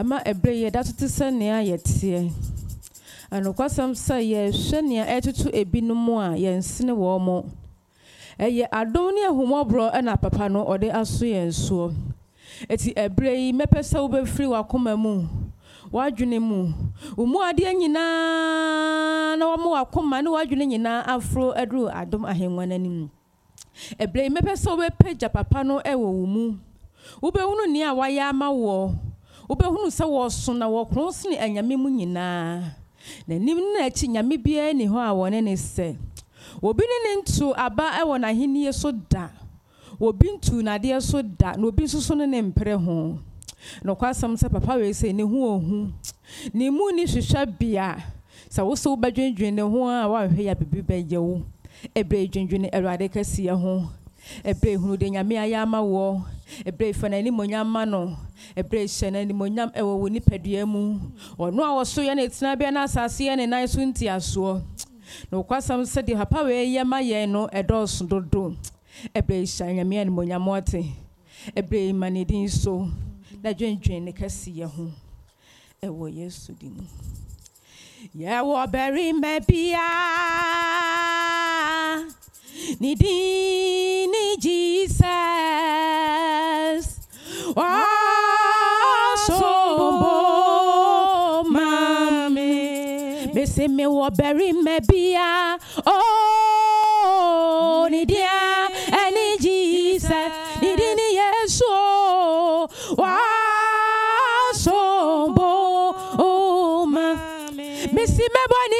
ama ɛberɛ yɛda tete sɛnea yɛteɛ anokwasɛm sɛ yɛhwɛ nea ɛtoto ebinom a yɛnsene wɔn mo ɛyɛ adom ne ahummɔborɔ ɛna papa no ɔde aso yɛn soɔ ɛti ɛberɛ yi mɛpɛ sɛ wobɛfiri w'akoma mu w'adwene mu wo adeɛ nyinaa na wɔma w'akoma ne w'adwene nyinaa aforo aduru adom ahengua no anim ɛberɛ yi mɛpɛ sɛ wobɛpagya papa no wɔ e wo mu wobɛhunu nea e a wayɛ ama wɔ wobɛhunu sɛ wɔso na wɔkorɔn sene anyame mu nyinaa n'anim ne n'akyi nyame biara ni hɔ a wɔne ne sɛ obi ne ne ntu aba e wɔ n'ahenni so da obi ntu n'adeɛ so da na obi nso so ne ne mpere ho nokwasɛm sɛ papa wei sɛ ne ho ohu ne mu ni hwehwɛ bea sɛ wo sɛ wobɛdwendwen ne ho a woahwɛ yɛ abibi bɛyɛ wo ɛberɛ dwendwene awurade kɛseɛ ho ɛberɛ hunu de nyame ayɛ ama woɔ ɛberɛ fa na n'animonyam ma no ɛberɛ hyɛ n'animonyam ɛwɔ wo nipadua mu ɔno a wɔsoyɛ na tena bɛɛ no asase yɛ ne nan so ntiasoɔ na wɔkwasɛm sɛdeɛ papa wei yɛ ma yɛn no ɛdɔɔso dodo ɛberɛ hyɛ nyame animonyam ɔte ɛberɛ ma ne din so na dwendwen ne kɛseyɛ ho ɛwɔ yesu din mu Yeah, yɛwɔ me bia ne din ne jesus ɔsombo ma me me mese mewɔ bɛrima bia oh. Missy, my bunny.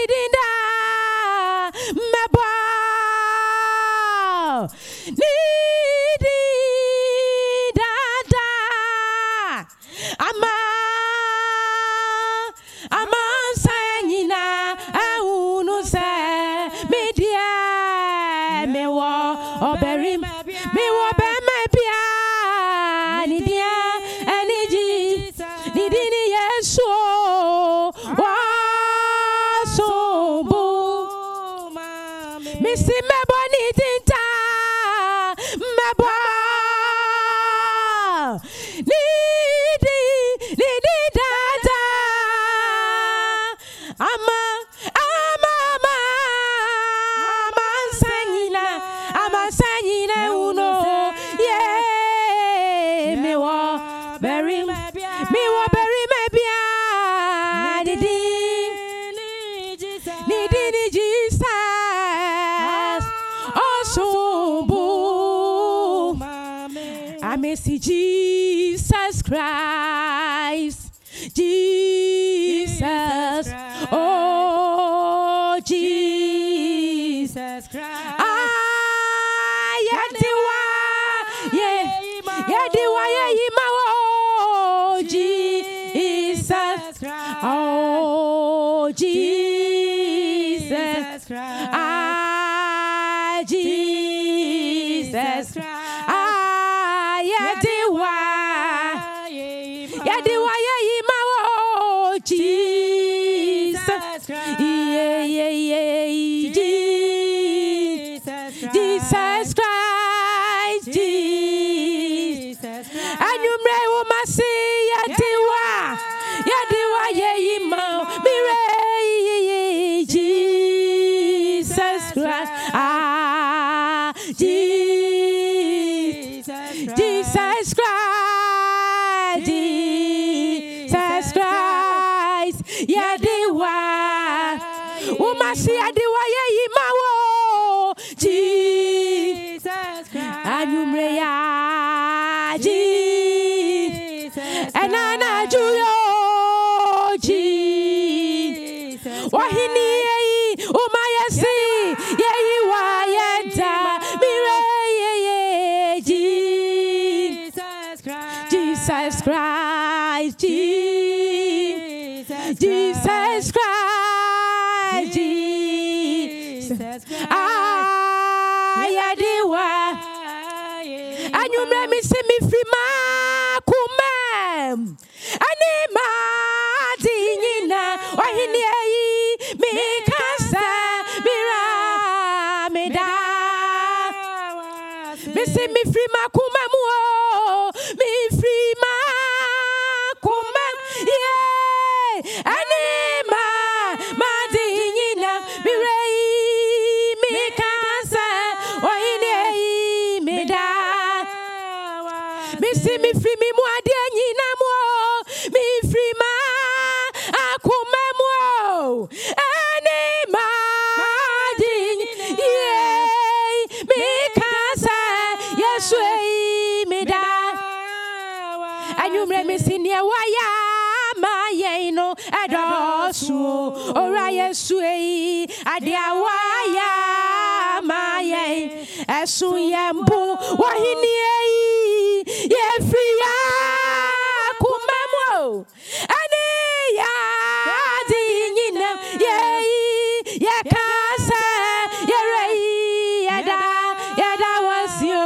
anwummerɛ wo ma se yɛde wa yɛde wa yɛyi ma wo mirɛ ɛso yɛ mpo wɔhenie yi yɛfiri yɛ akoma mu o ɛne yɛade nyinam yɛyi yɛka yesu be yi yɛda yɛda wɔsio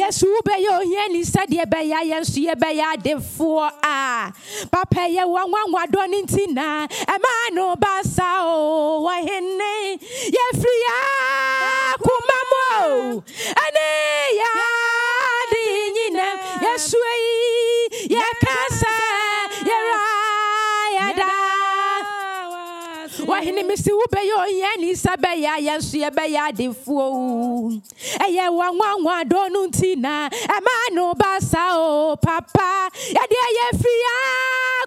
yɛso wobɛyɛ ohiani sɛdeɛ ɛbɛyɛ yɛn so yɛbɛyɛ adefoɔ a papa yɛwɔ nwanwadɔ no nti na ɛma no basa o wɔhene yɛfiri yɛ akoma o ya yɛade nyinam yɛsua yi yɛka sɛ yɛra yɛda wahene me si wobɛyɛ ɔyɛ ne nsa bɛyɛ a yɛn so yɛbɛyɛ adefoɔ ɛyɛ wanwanwa dɔ no nti na ɛma no basa o papa yɛde ɛyɛ fia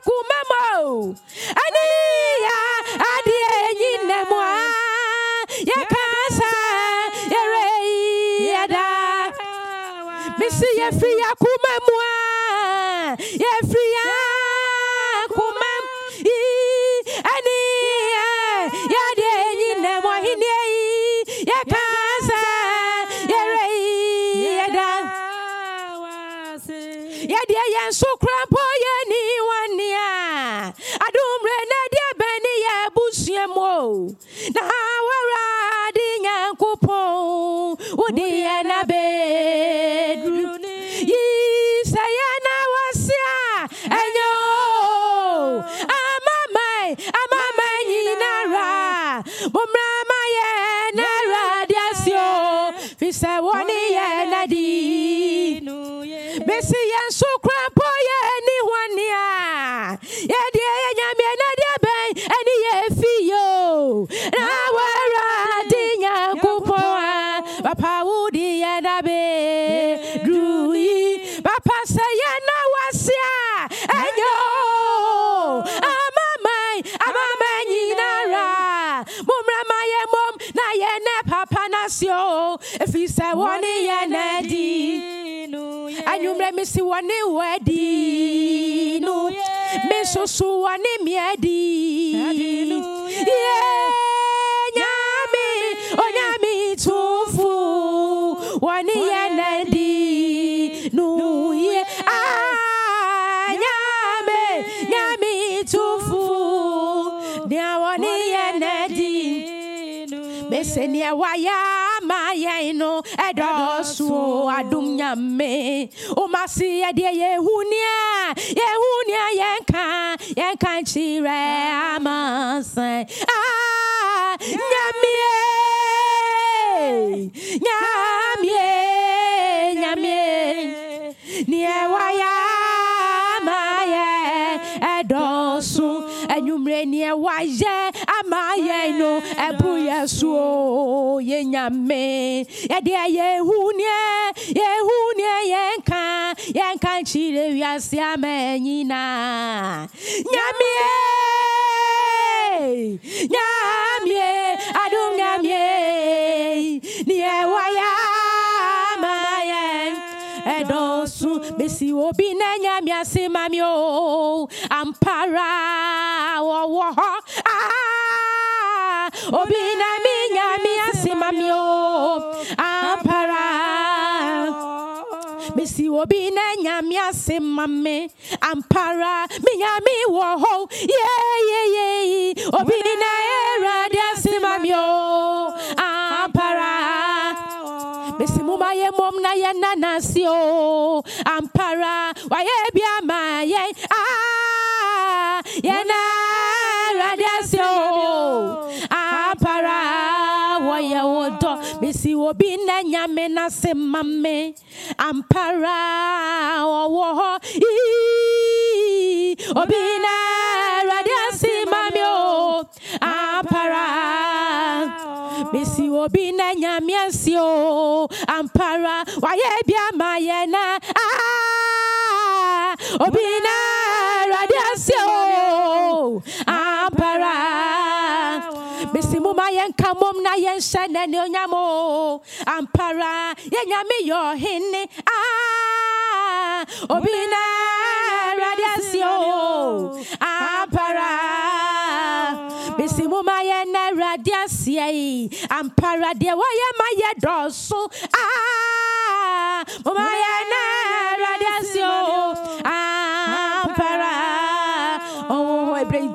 kumamo ya yɛ adeɛ mo. a yɛka yɛfiri yɛ akoma mu a yɛfiri yɛ akoma mu yi ɛni yɛ yɛde yi nam ɔhene yi yɛkaasa yɛrɛ yi yɛda yɛdeɛ yɛn nso kora mpo yɛni wɔnea adommerɛ na deɛ bɛne yɛ abusua mu mo na wɔwurade nyankopɔn wode yɛ na bɛdu na wara de nyankopɔn a papa wo di yɛ be duru yi papa sɛ yɛ na wase a ɛnyɛ o amaman mumra ma yɛ na yɛ nɛ papa na se o efi sɛ wɔne yɛ di anwummerɛ mi si wɔne wɔ Yeah so wɔ ne mmeɛ di. Yɛ nyame onyame tumfu wɔ ne di nu Nyame nyame tumfu nea wɔ ne di. Mese nea wayɛ adum nyame. umasi yɛ deɛ yehu nea yɛn ka kyerɛ amansan ah nyamie nyamie nyamie neɛ wayɛ ama yɛ ɛdɔɔso anwummerɛ neɛ wayɛ ama yɛ no ɛbu ye so yɛ nyame yɛdeɛ yɛhu neɛ yɛhu neɛ yɛnka yɛnka le wiase ama nyinaa nyamie nyamie adom nyamie neɛ wɔyɛ ama yɛn ɛdɔɔso bɛsi obi na nyame ase ma o ampara wɔwɔ hɔ obi na me o ampara mesi obi oh, na nyame ase ma me ampara me nyame wɔ hɔ yeyeye obi na ɛwurade ase ma me o ampara mesi mu ma mom na yɛ nanase o ampara wayɛ bi ama yɛn a yɛn na ɛwurade ase o ampara wɔyɛ wo dɔ mesi obi na nyame na se me ampara ọwọ́ yìí obi náà rade ase o ampara mesi obi na nyame o ampara wayɛ bi ama yɛ na nhyɛ n'anionyam o ampara yɛ nyame yɛ ɔhene a ah, obi na ampara bisi mu ma yɛ ampara de wɔyɛ ma yɛ dosu ah. mo ma yɛ na awurade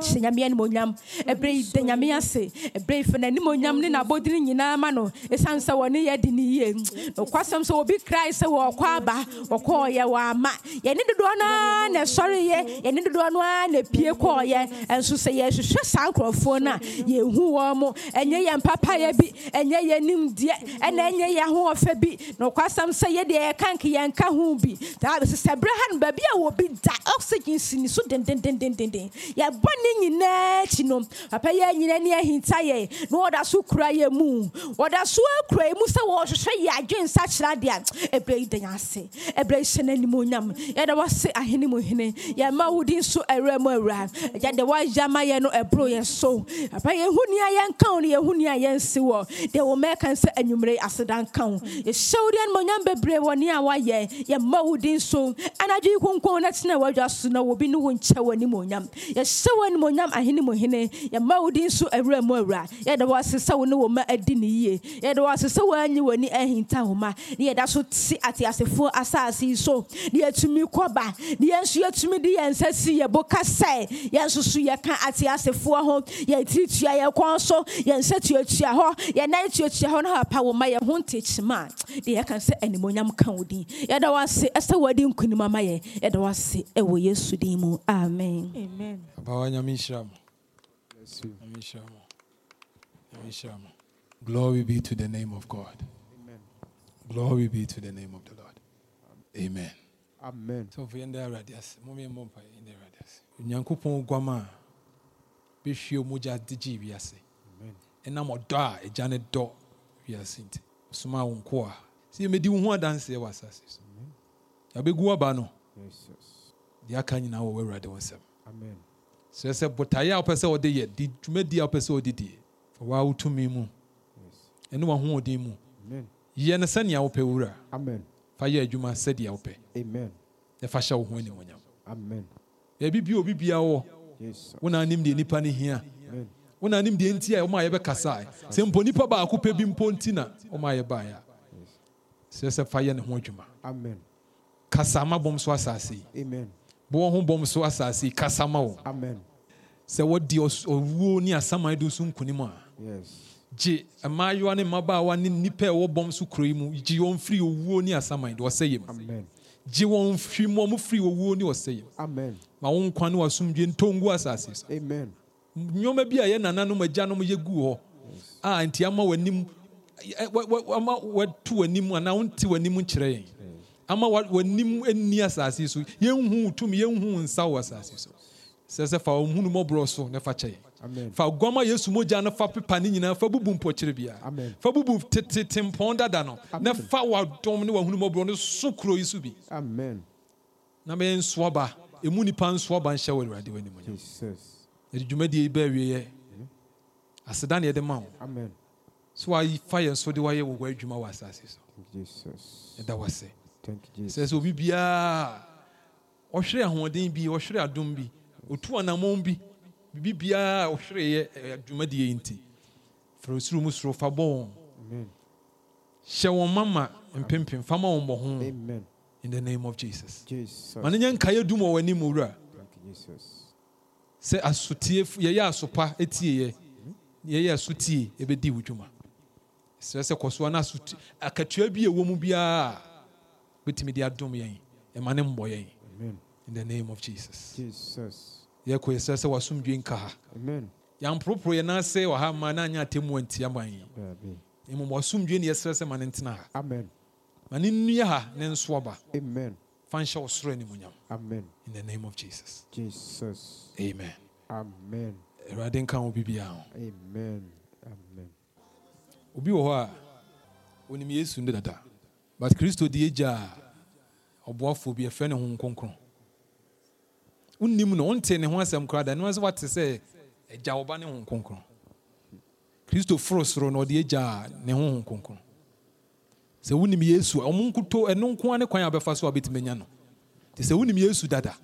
hyɛ nyame animonyam ɛberɛ yi da nyame ase ɛberɛ yi fɛ n'animonyam ne n'abɔdini nyinaa ma no ɛsiane sɛ wɔne yɛ de ne yie nokwasɛm sɛ obi krae sɛ wɔɔkɔ aba wɔkɔɔyɛ wɔama yɛne dodoɔ no ara na ɛsɔreyɛ yɛne dodoɔ no ara na ɛpie kɔɔyɛ ɛnso sɛ yɛhwehwɛ saa nkurɔfoɔ no a yɛhu wɔn mo ɛnyɛ yɛn papayɛ bi ɛnyɛ yɛn nimdeɛ ɛna ɛnyɛ yɛn ahoɔfɛ bi nokwasɛm sɛ yɛdeɛ yɛka nke yɛnka ho bi sɛ berɛ ha no baabi a wɔbi da oxygen si ne so dendendendenden yɛbɔ ne nyinaa akyi no papa yɛ nyina ne ahinta yɛ na wɔda so kura yɛ mu wɔda so akura yɛ mu sɛ wɔrehwehwɛ yɛ adwensa kyerɛ adeɛ a ɛbrɛ yi dan ase ɛbrɛ yi hyɛ no animonyam yɛda wɔse ahene mu hene yɛma wodi nso awura mu awura yɛde wɔayɛ ama yɛ no ɛboro yɛ so papa yɛhu nea yɛnka wo no yɛhu nea yɛnsi wɔ deɛ wɔ mɛka sɛ anwummere aseda nka wo yɛhyɛ wo deɛ animonyam bebree wɔ ne a wɔayɛ yɛma wodi nso anadwo yi konkon no wɔadwa so na wɔbi ne wo nkyɛ animonyam ahene mu hene yɛma wo din so awura mu awura yɛde wo ase sɛ wo ne wo ma adi ne yie yɛde wo ase sɛ woanyi w'ani ahinta homa ne yɛda so te ateasefoɔ asase yi so ne yɛatumi kɔba ne yɛn nso yɛatumi de yɛn nsa si yɛ boka sɛ yɛn nso so yɛka ateasefoɔ ho yɛn yɛn kɔn so yɛn nsa tuatua hɔ yɛn nan tuatua hɔ na hapa wo ma yɛn ho ntekyima ne yɛka sɛ animonyam ka wo din yɛda wo ase ɛsɛ wɔadi nkonim ama yɛn yɛda wo ase ɛwɔ yesu din mu amen amen Amin Shama. Bless you. Amin Shama. Amin Shama. Glory be to the name of God. Amen. Glory be to the name of the Lord. Amen. Amen. So we yenda radias, mummy mumpa yenda radias. Nyankopon gwama bihwie mogya de gye wiase ɛnam ɔdɔ a agya ne dɔ wiase nti soma wo nko a sɛ yɛmɛdi wo ho adanseɛ wɔ asase so yɛabɛgu Yes. no deɛ aka nyinaa wɔ w'awurade wo kyerɛ sɛ botaeɛ a wopɛ sɛ wode yɛ de dwumadi a wopɛ sɛ wode die fa waa wo tumi mu ɛne wahoɔden mu yɛ no sɛnea wopɛ wura fa yɛ adwuma sɛdeɛ wopɛ ɛfa hyɛ wo ho animonyam baabi bia obi bia wɔ wona nim deɛ nnipa no hia wona nim deɛ nti a ɔma yɛbɛkasae sɛ mpo nnipa baako pɛ bi mpo nti na ɔma yɛbaeɛ a kyerɛ sɛ fa yɛ ne ho adwuma kasa ma bɔm so asase yi wɔn ho bɔm so asase yi kasa ma wo sɛ wɔdi owuo ne asaman do so nkunim a gye mmaayewa ne mmabaawa ne nnipa a ɛwɔ bɔm so kuro mu gye wɔn firi owuo ne asaman do ɔsɛ yam gye wɔn firi mu ɔmo firi owuo ne ɔsɛ yam ma wɔn nkwa ne wɔasomdwe ntongu asase so nneɛma bi a yɛ nananom agyanom yɛ gu hɔ a nti ama w'anim watu w'anim anaa wonte w'anim nkyerɛ yɛn ama w'anim nni asase so yɛnhu tumi yɛnhu nsa wɔ asase so sɛ sɛ fa ɔhunu mɔborɔ so ne fa kyɛ fa guama yesu mogya no fa pepa ne nyinaa fa bubu mpɔkyerɛ biara fa bubu tete mpɔn dada no na fa w'adɔm ne w'ahunu mɔborɔ no so kuro yi so bi na mɛyɛ nsoaba emu nipa nsoaba nhyɛ wɔ awurade wɔ anim nyam yɛde dwumadie yi bɛɛ wieɛ mhm. aseda ne yɛde ma wo so wafa yɛn so de wayɛ wɔ w'adwuma wɔ asase so ɛda wɔ sɛ sɛ sɛ obi biara ɔhwere ahoɔden bi ɔhwere adom bi ɔtu anammɔn bi biribi biara ɔhwereyɛ adwumadeɛ nti fɛrɛ osuru mu soro fa bɔ wɔn hyɛ wɔn ma ma mpempem fa ma wɔn bɔ ho in the name of jesus ma ne nyɛ nkaeɛ dum wɔ w'anim owura sɛ asotie yɛyɛ asopa etieɛ yɛyɛ asotie ebedi wo dwuma sɛ sɛ kɔsoa na akatua bi ɛwɔ mu biara wetumi de adom yɛn ɛma ne mmɔ yɛn in the name of jesus yɛkɔ yɛsrɛ sɛ wasomdwe nka ha yɛmporoporo yɛ nan sɛ wɔ ha ma na anyɛ atemmu antia ma yi mmom wasomdwe ne yɛsrɛ sɛ ma ne ntena ha ma ne nnua ha ne nso aba fa nhyɛ wo soro animuonyam in the name of jesus, jesus. amen amen awurade nka wo biribiaa ho amen amen obi wɔ hɔ a onim yesu nde dada but kristo deɛ gya a ɔboafoɔ bi ɛfrɛ ne ho nkonkron wonnim no wonte ne ho asɛm koraa da ɛnoa sɛ woate sɛ ɛgya wɔba ne ho nkonkron kristo foro soro na ɔde gya ne ho nkonkron sɛ wonim yesu ɔmo nkoto ɛno nko ne kwan a bɛfa so a wobɛtumi anya no nti sɛ wonim yesu dada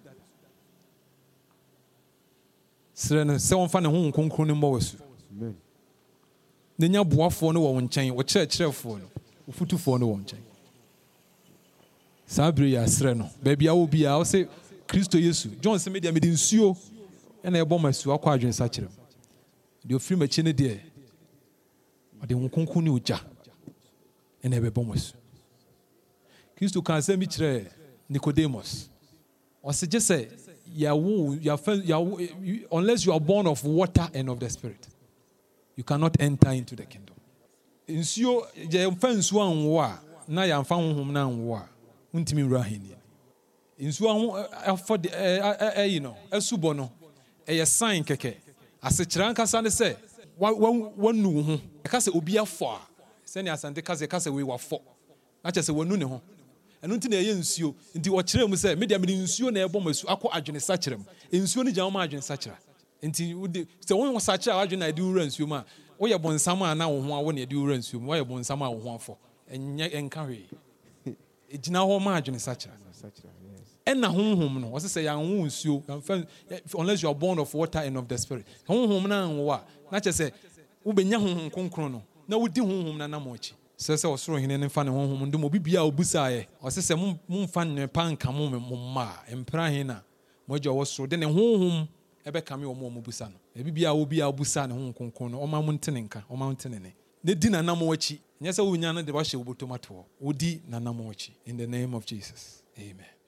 serɛ no sɛ wɔmfa ne ho nkonkron no mmɔ wɔ su na nya boafoɔ no wɔ wo nkyɛn wɔkyerɛkyerɛfoɔ no wɔfutufoɔ no wɔ nkyɛn saa bere yɛ asrɛ no baabi a wobi a wɔsɛ kristo yesu john sɛ medeɛ mede nsuo ɛna ɛbɔ ma asuo akɔ adwene sa kyerɛ m deɛ ɔfiri m'akyi no deɛ ɔde ho kronkron ne ogya ɛna ɛbɛbɔ ma su kristo kaa sɛ me kyerɛ nicodemus ɔsɛ gye sɛ yɛwo unless you are born of water and of the spirit you cannot enter into the kingdom nsuo yɛmfa nsuo anwo a na yɛamfa honhom no anwo a wontumi nwura ahenia nsuo ho eh, afɔ de ɛyi no asubɔ no ɛyɛ sign kɛkɛ asekyerɛ ankasa ne sɛ wanu wo ho ɛka sɛ obi afɔ a sɛnea asante ka sɛ ɛka sɛ wei wafɔ akyɛ sɛ wanu ne ho ɛno nti na ɛyɛ nsuo nti ɔkyerɛ mu sɛ medeɛ mede nsuo na ɛbɔ m asu akɔ adwene sakyerɛ mu nsuo no gya woma adwene sakyera nti wode sɛ wo sakyera a wadwene a ɛde wura nsuo mu a woyɛ bɔnsam a na wo ho a wo ɛde wura nsuo mu woayɛ bɔnsam a wo ho afɔ ɛnyɛ ɛnka gyina hɔ ma adwene sakyera ɛna honhom no wɔsɛ sɛ yɛanwo nsuo unless you are born of water and of the spirit honhom no anwo a na kyerɛ sɛ wobɛnya honhom kronkron no na wodi honhom no nam ɔkyi sɛ sɛ ɔsoro hene ne mfa ne honhom ndom obi bia a obusaeɛ ɔsɛ sɛ momfa nnepa nka mo mo mma a mpra he na moagya ɔwɔ soro de ne honhom ɛbɛkame wɔ mu a mobusa no ɛbi bia a obi a wobusa ne honhom kronkron no ɔma mo ntene nka ɔma mo ntene ne ne di nanamo akyi nyɛ sɛ wonya no de wahyɛ wobotoma toɔ wodi nanamo in the name of jesus amen